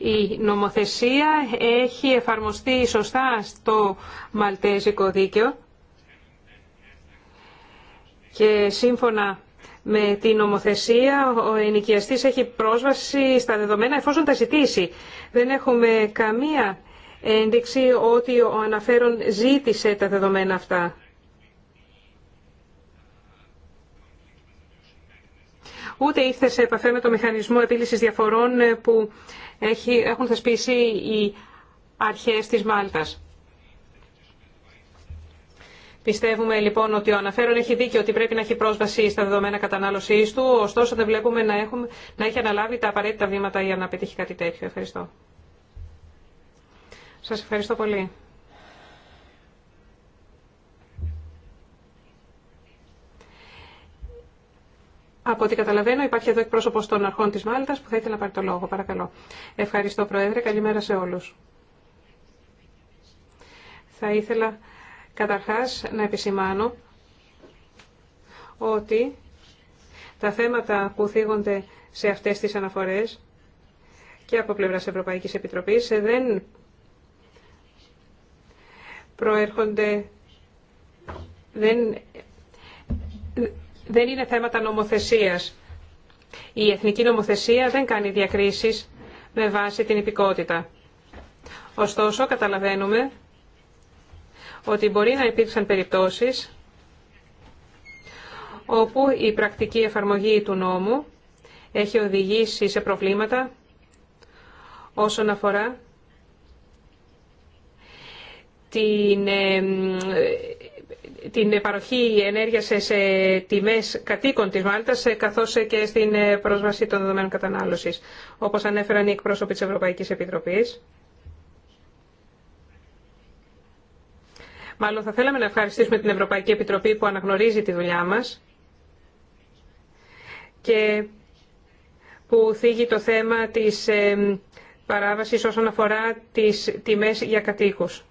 Η νομοθεσία έχει εφαρμοστεί σωστά στο Μαλτέζικο δίκαιο και σύμφωνα με την νομοθεσία ο ενοικιαστής έχει πρόσβαση στα δεδομένα εφόσον τα ζητήσει. Δεν έχουμε καμία ένδειξη ότι ο αναφέρον ζήτησε τα δεδομένα αυτά. Ούτε ήρθε σε επαφέ με το μηχανισμό επίλυσης διαφορών που έχουν θεσπίσει οι αρχές της Μάλτας. Πιστεύουμε λοιπόν ότι ο αναφέρον έχει δίκιο ότι πρέπει να έχει πρόσβαση στα δεδομένα κατανάλωσή του, ωστόσο δεν βλέπουμε να, έχουμε, να έχει αναλάβει τα απαραίτητα βήματα για να πετύχει κάτι τέτοιο. Ευχαριστώ. Σας ευχαριστώ πολύ. Από ό,τι καταλαβαίνω υπάρχει εδώ εκπρόσωπος των αρχών τη Μάλτας που θα ήθελε να πάρει το λόγο. Παρακαλώ. Ευχαριστώ Πρόεδρε. Καλημέρα σε όλου. Θα ήθελα Καταρχάς, να επισημάνω ότι τα θέματα που θίγονται σε αυτές τις αναφορές και από πλευράς Ευρωπαϊκής Επιτροπής δεν προέρχονται, δεν, δεν είναι θέματα νομοθεσίας. Η εθνική νομοθεσία δεν κάνει διακρίσεις με βάση την υπηκότητα. Ωστόσο, καταλαβαίνουμε ότι μπορεί να υπήρξαν περιπτώσεις όπου η πρακτική εφαρμογή του νόμου έχει οδηγήσει σε προβλήματα όσον αφορά την, ε, την παροχή ενέργειας σε τιμές κατοίκων της Μάλτας ε, καθώς και στην ε, πρόσβαση των δεδομένων κατανάλωσης, όπως ανέφεραν οι εκπρόσωποι της Ευρωπαϊκής Επιτροπής. Μάλλον θα θέλαμε να ευχαριστήσουμε την Ευρωπαϊκή Επιτροπή που αναγνωρίζει τη δουλειά μας και που θίγει το θέμα της ε, παράβασης όσον αφορά τις τιμές για κατοίκους.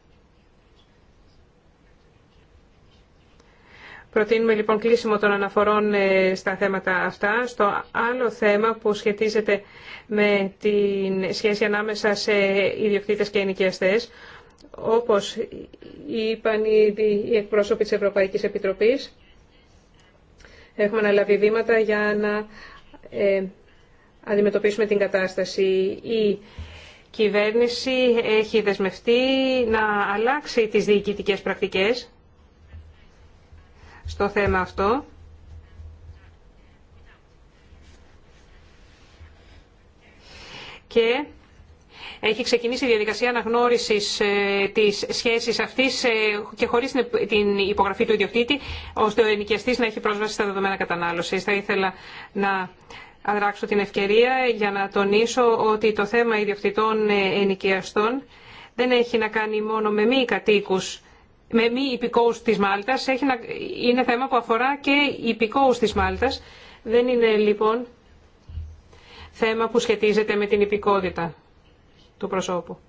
Προτείνουμε λοιπόν κλείσιμο των αναφορών ε, στα θέματα αυτά. Στο άλλο θέμα που σχετίζεται με την σχέση ανάμεσα σε ιδιοκτήτες και ενοικιαστές, όπως είπαν ήδη οι εκπρόσωποι της Ευρωπαϊκής Επιτροπής, έχουμε αναλάβει βήματα για να ε, αντιμετωπίσουμε την κατάσταση. Η κυβέρνηση έχει δεσμευτεί να αλλάξει τις διοικητικές πρακτικές στο θέμα αυτό. Και έχει ξεκινήσει η διαδικασία αναγνώρισης ε, τη σχέση αυτής ε, και χωρί την υπογραφή του ιδιοκτήτη, ώστε ο ενοικιαστή να έχει πρόσβαση στα δεδομένα κατανάλωση. Θα ήθελα να αδράξω την ευκαιρία για να τονίσω ότι το θέμα ιδιοκτητών ε, ενοικιαστών δεν έχει να κάνει μόνο με μη κατοίκου με μη υπηκόους της Μάλτας, να... είναι θέμα που αφορά και υπηκόου τη Μάλτας. Δεν είναι λοιπόν θέμα που σχετίζεται με την υπηκότητα. Το προσώπου.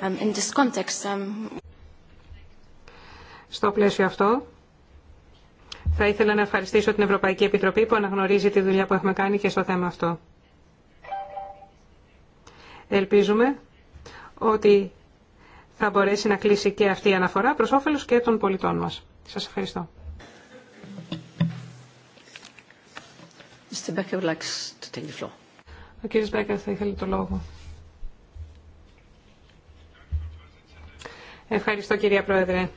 Um, um, στο πλαίσιο αυτό, θα ήθελα να ευχαριστήσω την Ευρωπαϊκή Επιτροπή που αναγνωρίζει τη δουλειά που έχουμε κάνει και στο θέμα αυτό. Ελπίζουμε ότι θα μπορέσει να κλείσει και αυτή η αναφορά προς όφελος και των πολιτών μας. Σας ευχαριστώ. Ο κύριος Μπέκερ θα ήθελε το λόγο. Ευχαριστώ κυρία Πρόεδρε.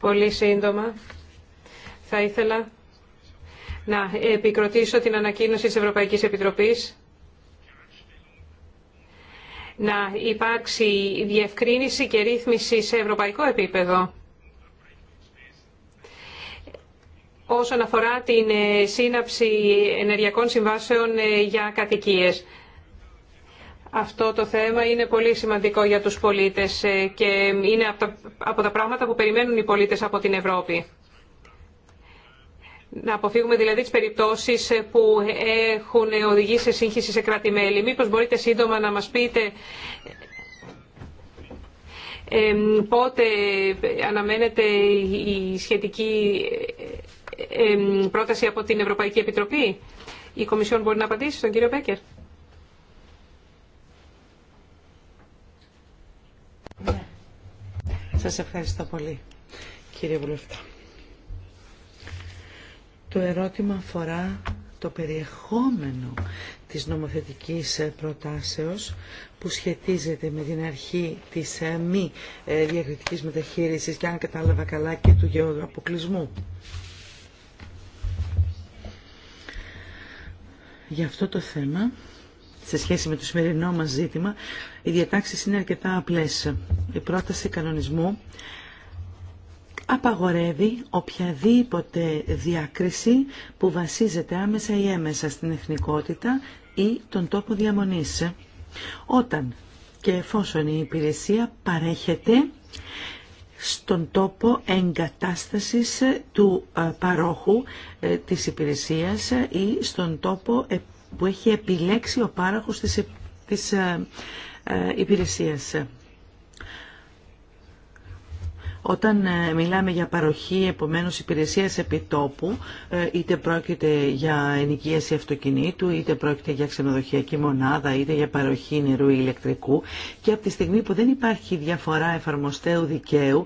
Πολύ σύντομα θα ήθελα να επικροτήσω την ανακοίνωση της Ευρωπαϊκής Επιτροπής να υπάρξει διευκρίνηση και ρύθμιση σε ευρωπαϊκό επίπεδο όσον αφορά την ε, σύναψη ενεργειακών συμβάσεων ε, για κατοικίες. Αυτό το θέμα είναι πολύ σημαντικό για τους πολίτες ε, και είναι από τα πράγματα που περιμένουν οι πολίτες από την Ευρώπη. Να αποφύγουμε δηλαδή τις περιπτώσεις που έχουν οδηγήσει σε σύγχυση σε κράτη-μέλη. Μήπως μπορείτε σύντομα να μας πείτε πότε αναμένεται η σχετική πρόταση από την Ευρωπαϊκή Επιτροπή. Η Κομισιόν μπορεί να απαντήσει στον κύριο Μπέκερ. Ναι. Σας ευχαριστώ πολύ, κύριε Βουλευτά. Το ερώτημα αφορά το περιεχόμενο της νομοθετικής προτάσεως που σχετίζεται με την αρχή της μη διακριτικής μεταχείρισης και αν κατάλαβα καλά και του γεωαποκλεισμού. για αυτό το θέμα, σε σχέση με το σημερινό μας ζήτημα, οι διατάξεις είναι αρκετά απλές. Η πρόταση κανονισμού απαγορεύει οποιαδήποτε διάκριση που βασίζεται άμεσα ή έμεσα στην εθνικότητα ή τον τόπο διαμονής. Όταν και εφόσον η υπηρεσία παρέχεται στον τόπο εγκατάστασης ε, του ε, παρόχου ε, της υπηρεσίας ή στον τόπο που έχει επιλέξει ο πάροχος της υπηρεσίας. Όταν ε, μιλάμε για παροχή επομένως υπηρεσίας επιτόπου, ε, είτε πρόκειται για ενοικίαση αυτοκινήτου, είτε πρόκειται για ξενοδοχειακή μονάδα, είτε για παροχή νερού ή ηλεκτρικού και από τη στιγμή που δεν υπάρχει διαφορά εφαρμοστέου δικαίου,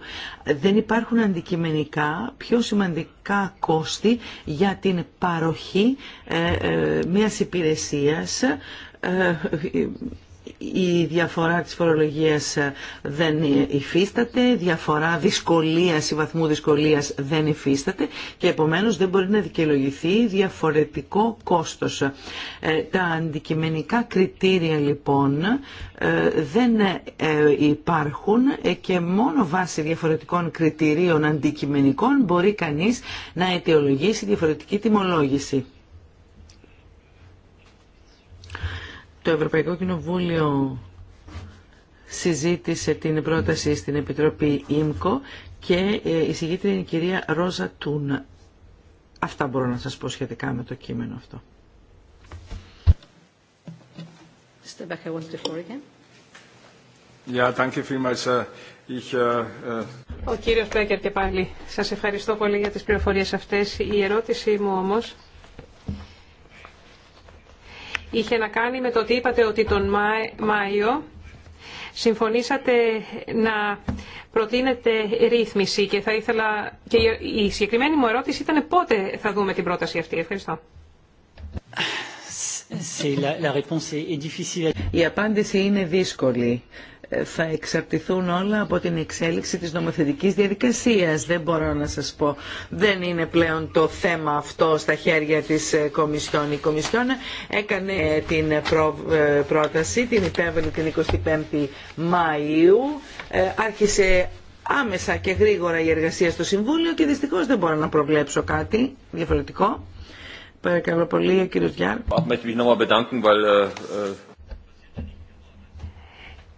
δεν υπάρχουν αντικειμενικά πιο σημαντικά κόστη για την παροχή ε, μιας υπηρεσίας η διαφορά της φορολογίας δεν υφίσταται, διαφορά δυσκολίας ή βαθμού δυσκολίας δεν υφίσταται και επομένως δεν μπορεί να δικαιολογηθεί διαφορετικό κόστος. Ε, τα αντικειμενικά κριτήρια λοιπόν ε, δεν ε, υπάρχουν και μόνο βάσει διαφορετικών κριτηρίων αντικειμενικών μπορεί κανείς να αιτιολογήσει διαφορετική τιμολόγηση. Το Ευρωπαϊκό Κοινοβούλιο συζήτησε την πρόταση στην Επιτροπή ΙΜΚΟ και ε, η συγκήτρια η κυρία Ρόζα Τούνα. Αυτά μπορώ να σας πω σχετικά με το κείμενο αυτό. Ο κύριος Πέκερ και πάλι. Σας ευχαριστώ πολύ για τις πληροφορίες αυτές. Η ερώτησή μου όμως είχε να κάνει με το ότι είπατε ότι τον Μάιο συμφωνήσατε να προτείνετε ρύθμιση και θα ήθελα και η συγκεκριμένη μου ερώτηση ήταν πότε θα δούμε την πρόταση αυτή. Ευχαριστώ. Η απάντηση είναι δύσκολη θα εξαρτηθούν όλα από την εξέλιξη της νομοθετικής διαδικασίας. Δεν μπορώ να σας πω. Δεν είναι πλέον το θέμα αυτό στα χέρια της ε, Κομισιόν. Η Κομισιόν έκανε ε, την ε, πρόταση, την υπέβαλε την 25η Μαΐου. Άρχισε άμεσα και γρήγορα η εργασία στο Συμβούλιο και δυστυχώς δεν μπορώ να προβλέψω κάτι διαφορετικό. Παρακαλώ πολύ, κύριο Γιάρ.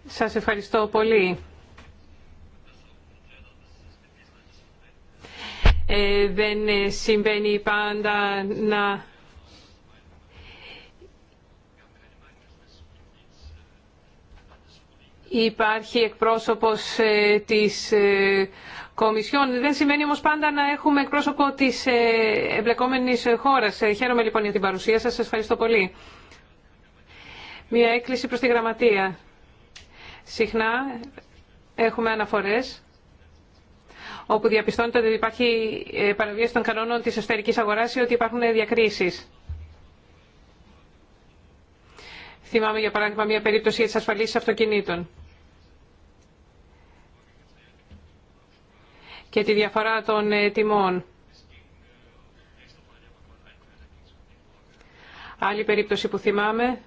Σας ευχαριστώ πολύ. Ε, δεν συμβαίνει πάντα να... Υπάρχει εκπρόσωπος ε, της ε, Κομισιόν. Δεν συμβαίνει όμως πάντα να έχουμε εκπρόσωπο της ε, εμπλεκόμενης χώρας. Ε, χαίρομαι λοιπόν για την παρουσία σας. Σας ευχαριστώ πολύ. Μια έκκληση προς τη Γραμματεία. Συχνά έχουμε αναφορές όπου διαπιστώνεται ότι υπάρχει ε, παραβίαση των κανόνων της εσωτερικής αγοράς ή ότι υπάρχουν διακρίσεις. Θυμάμαι για παράδειγμα μια περίπτωση για τις ασφαλίσεις αυτοκινήτων. και τη διαφορά των ε, τιμών. Άλλη περίπτωση που θυμάμαι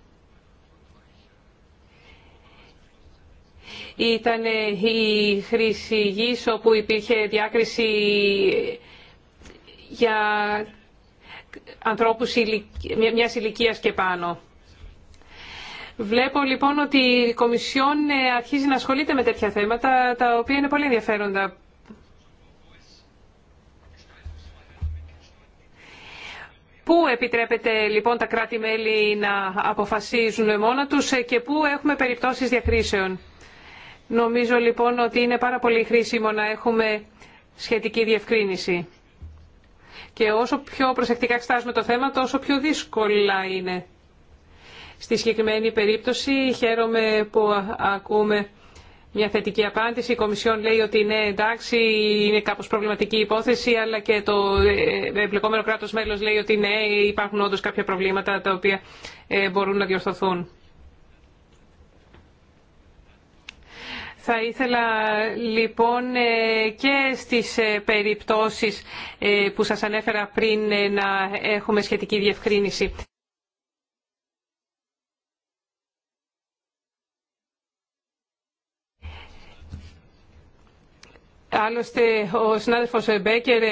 ήταν η χρήση γης όπου υπήρχε διάκριση για ανθρώπους μιας ηλικίας και πάνω. Βλέπω λοιπόν ότι η Κομισιόν ε, αρχίζει να ασχολείται με τέτοια θέματα, τα οποία είναι πολύ ενδιαφέροντα. Πού επιτρέπεται λοιπόν τα κράτη-μέλη να αποφασίζουν μόνα τους ε, και πού έχουμε περιπτώσεις διακρίσεων. Νομίζω λοιπόν ότι είναι πάρα πολύ χρήσιμο να έχουμε σχετική διευκρίνηση. Και όσο πιο προσεκτικά εξετάζουμε το θέμα, τόσο πιο δύσκολα είναι. Στη συγκεκριμένη περίπτωση χαίρομαι που ακούμε μια θετική απάντηση. Η Κομισιόν λέει ότι ναι, εντάξει, είναι κάπως προβληματική υπόθεση, αλλά και το ε, ε, εμπλεκόμενο κράτος μέλος λέει ότι ναι, υπάρχουν όντως κάποια προβλήματα τα οποία ε, μπορούν να διορθωθούν. Θα ήθελα λοιπόν ε, και στις ε, περιπτώσεις ε, που σας ανέφερα πριν να έχουμε σχετική διευκρίνηση. Άλλωστε ο συνάδελφος Μπέκερ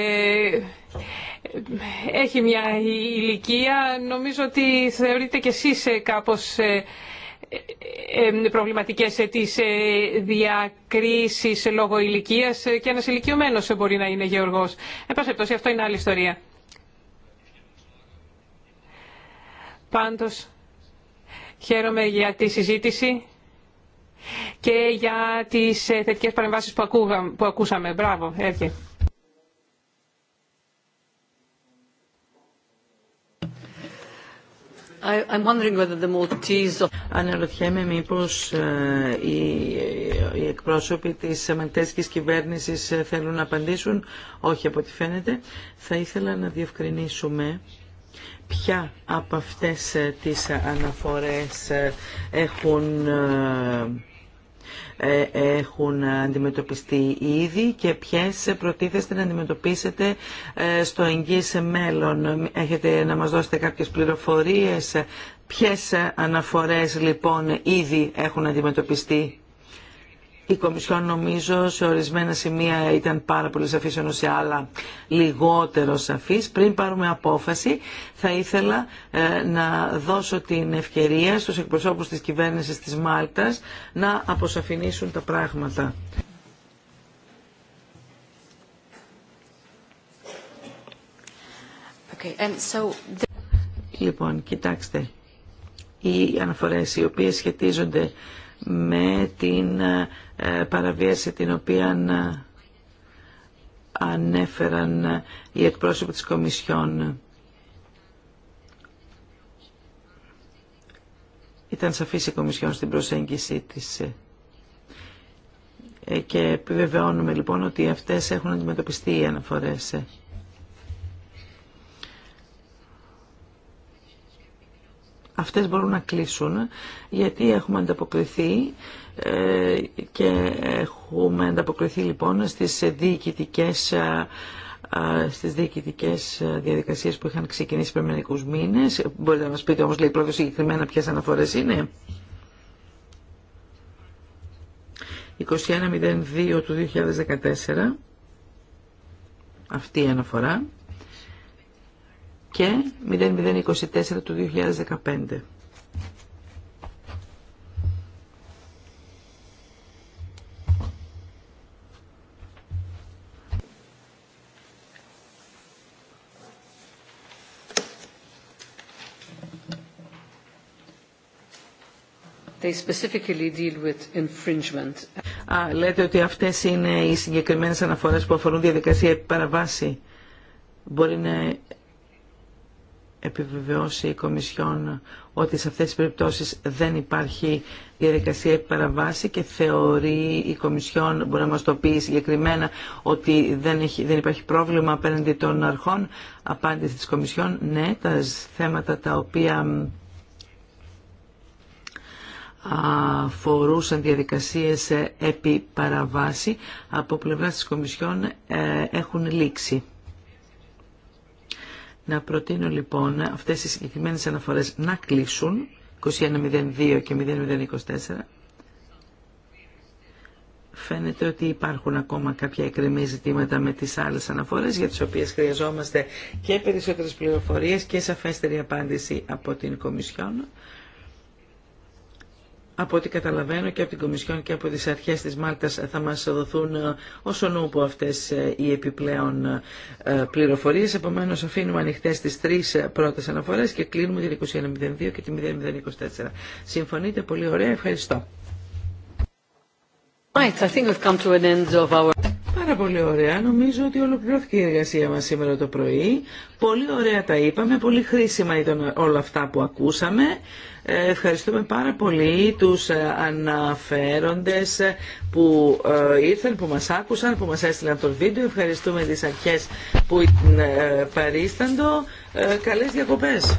έχει μια ηλικία. Νομίζω ότι θεωρείτε και εσείς κάπως ε, ε, ε, προβληματικές της διακρίσεις λόγω ηλικίας και ένας ηλικιωμένος μπορεί να είναι γεωργός. Εν αυτό είναι άλλη ιστορία. Πάντως, χαίρομαι για τη συζήτηση και για τις θετικές παρεμβάσεις που, ακούσαμε. Μπράβο, έρχεται. I'm wondering Αναρωτιέμαι μήπως ε, οι, εκπρόσωποι της Μαλτέζικης κυβέρνησης ε, θέλουν να απαντήσουν. Όχι από ό,τι φαίνεται. Θα ήθελα να διευκρινίσουμε ποια από αυτές ε, τις αναφορές έχουν ε, έχουν αντιμετωπιστεί ήδη και ποιες προτίθεστε να αντιμετωπίσετε ε, στο εγγύς μέλλον. Έχετε να μας δώσετε κάποιες πληροφορίες. Ποιες αναφορές λοιπόν ήδη έχουν αντιμετωπιστεί. Η Κομισιόν νομίζω σε ορισμένα σημεία ήταν πάρα πολύ σαφής ενώ σε άλλα λιγότερο σαφής. Πριν πάρουμε απόφαση θα ήθελα ε, να δώσω την ευκαιρία στους εκπροσώπους της κυβέρνηση της Μάλτας να αποσαφηνίσουν τα πράγματα. Okay, and so... Λοιπόν, κοιτάξτε, οι αναφορές οι οποίες σχετίζονται με την ε, παραβίαση την οποία ε, ανέφεραν ε, οι εκπρόσωποι της Κομισιόν. Ήταν σαφής η Κομισιόν στην προσέγγιση της. Και επιβεβαιώνουμε λοιπόν ότι αυτές έχουν αντιμετωπιστεί οι αναφορές. αυτές μπορούν να κλείσουν γιατί έχουμε ανταποκριθεί ε, και έχουμε ανταποκριθεί λοιπόν στις διοικητικές ε, ε, στις διοικητικές διαδικασίες που είχαν ξεκινήσει πριν μερικούς μήνες. Μπορείτε να μας πείτε όμως, λέει πρώτα συγκεκριμένα ποιες αναφορές είναι. 21.02 του 2014 αυτή η αναφορά και 0024 του 2015. They specifically deal λέτε ότι αυτές είναι οι συγκεκριμένες αναφορές που αφορούν διαδικασία παραβάση. Μπορεί να επιβεβαιώσει η Κομισιόν ότι σε αυτές τις περιπτώσεις δεν υπάρχει διαδικασία παραβάση και θεωρεί η Κομισιόν, μπορεί να μας το πει συγκεκριμένα, ότι δεν, δεν υπάρχει πρόβλημα απέναντι των αρχών. Απάντηση της Κομισιόν, ναι, τα θέματα τα οποία αφορούσαν διαδικασίες επί παραβάση από πλευράς της Κομισιόν ε, έχουν λήξει. Να προτείνω λοιπόν αυτές οι συγκεκριμένες αναφορές να κλείσουν, 2102 και 0024. Φαίνεται ότι υπάρχουν ακόμα κάποια εκκρεμή ζητήματα με τις άλλες αναφορές για τις οποίες χρειαζόμαστε και περισσότερες πληροφορίες και σαφέστερη απάντηση από την Κομισιόν από ό,τι καταλαβαίνω και από την Κομισιόν και από τις αρχές της Μάλτας θα μας δοθούν ε, όσον ούπο αυτές ε, οι επιπλέον ε, πληροφορίες. Επομένως αφήνουμε ανοιχτές τις τρεις πρώτες αναφορές και κλείνουμε την 2102 και τη 0024. Συμφωνείτε πολύ ωραία. Ευχαριστώ. Πάρα πολύ ωραία. Νομίζω ότι ολοκληρώθηκε η εργασία μας σήμερα το πρωί. Πολύ ωραία τα είπαμε, πολύ χρήσιμα ήταν όλα αυτά που ακούσαμε. Ευχαριστούμε πάρα πολύ τους ε, αναφέροντες ε, που ε, ήρθαν, που μας άκουσαν, που μας έστειλαν το βίντεο. Ευχαριστούμε τις αρχές που παρίσταντο. Καλές διακοπές.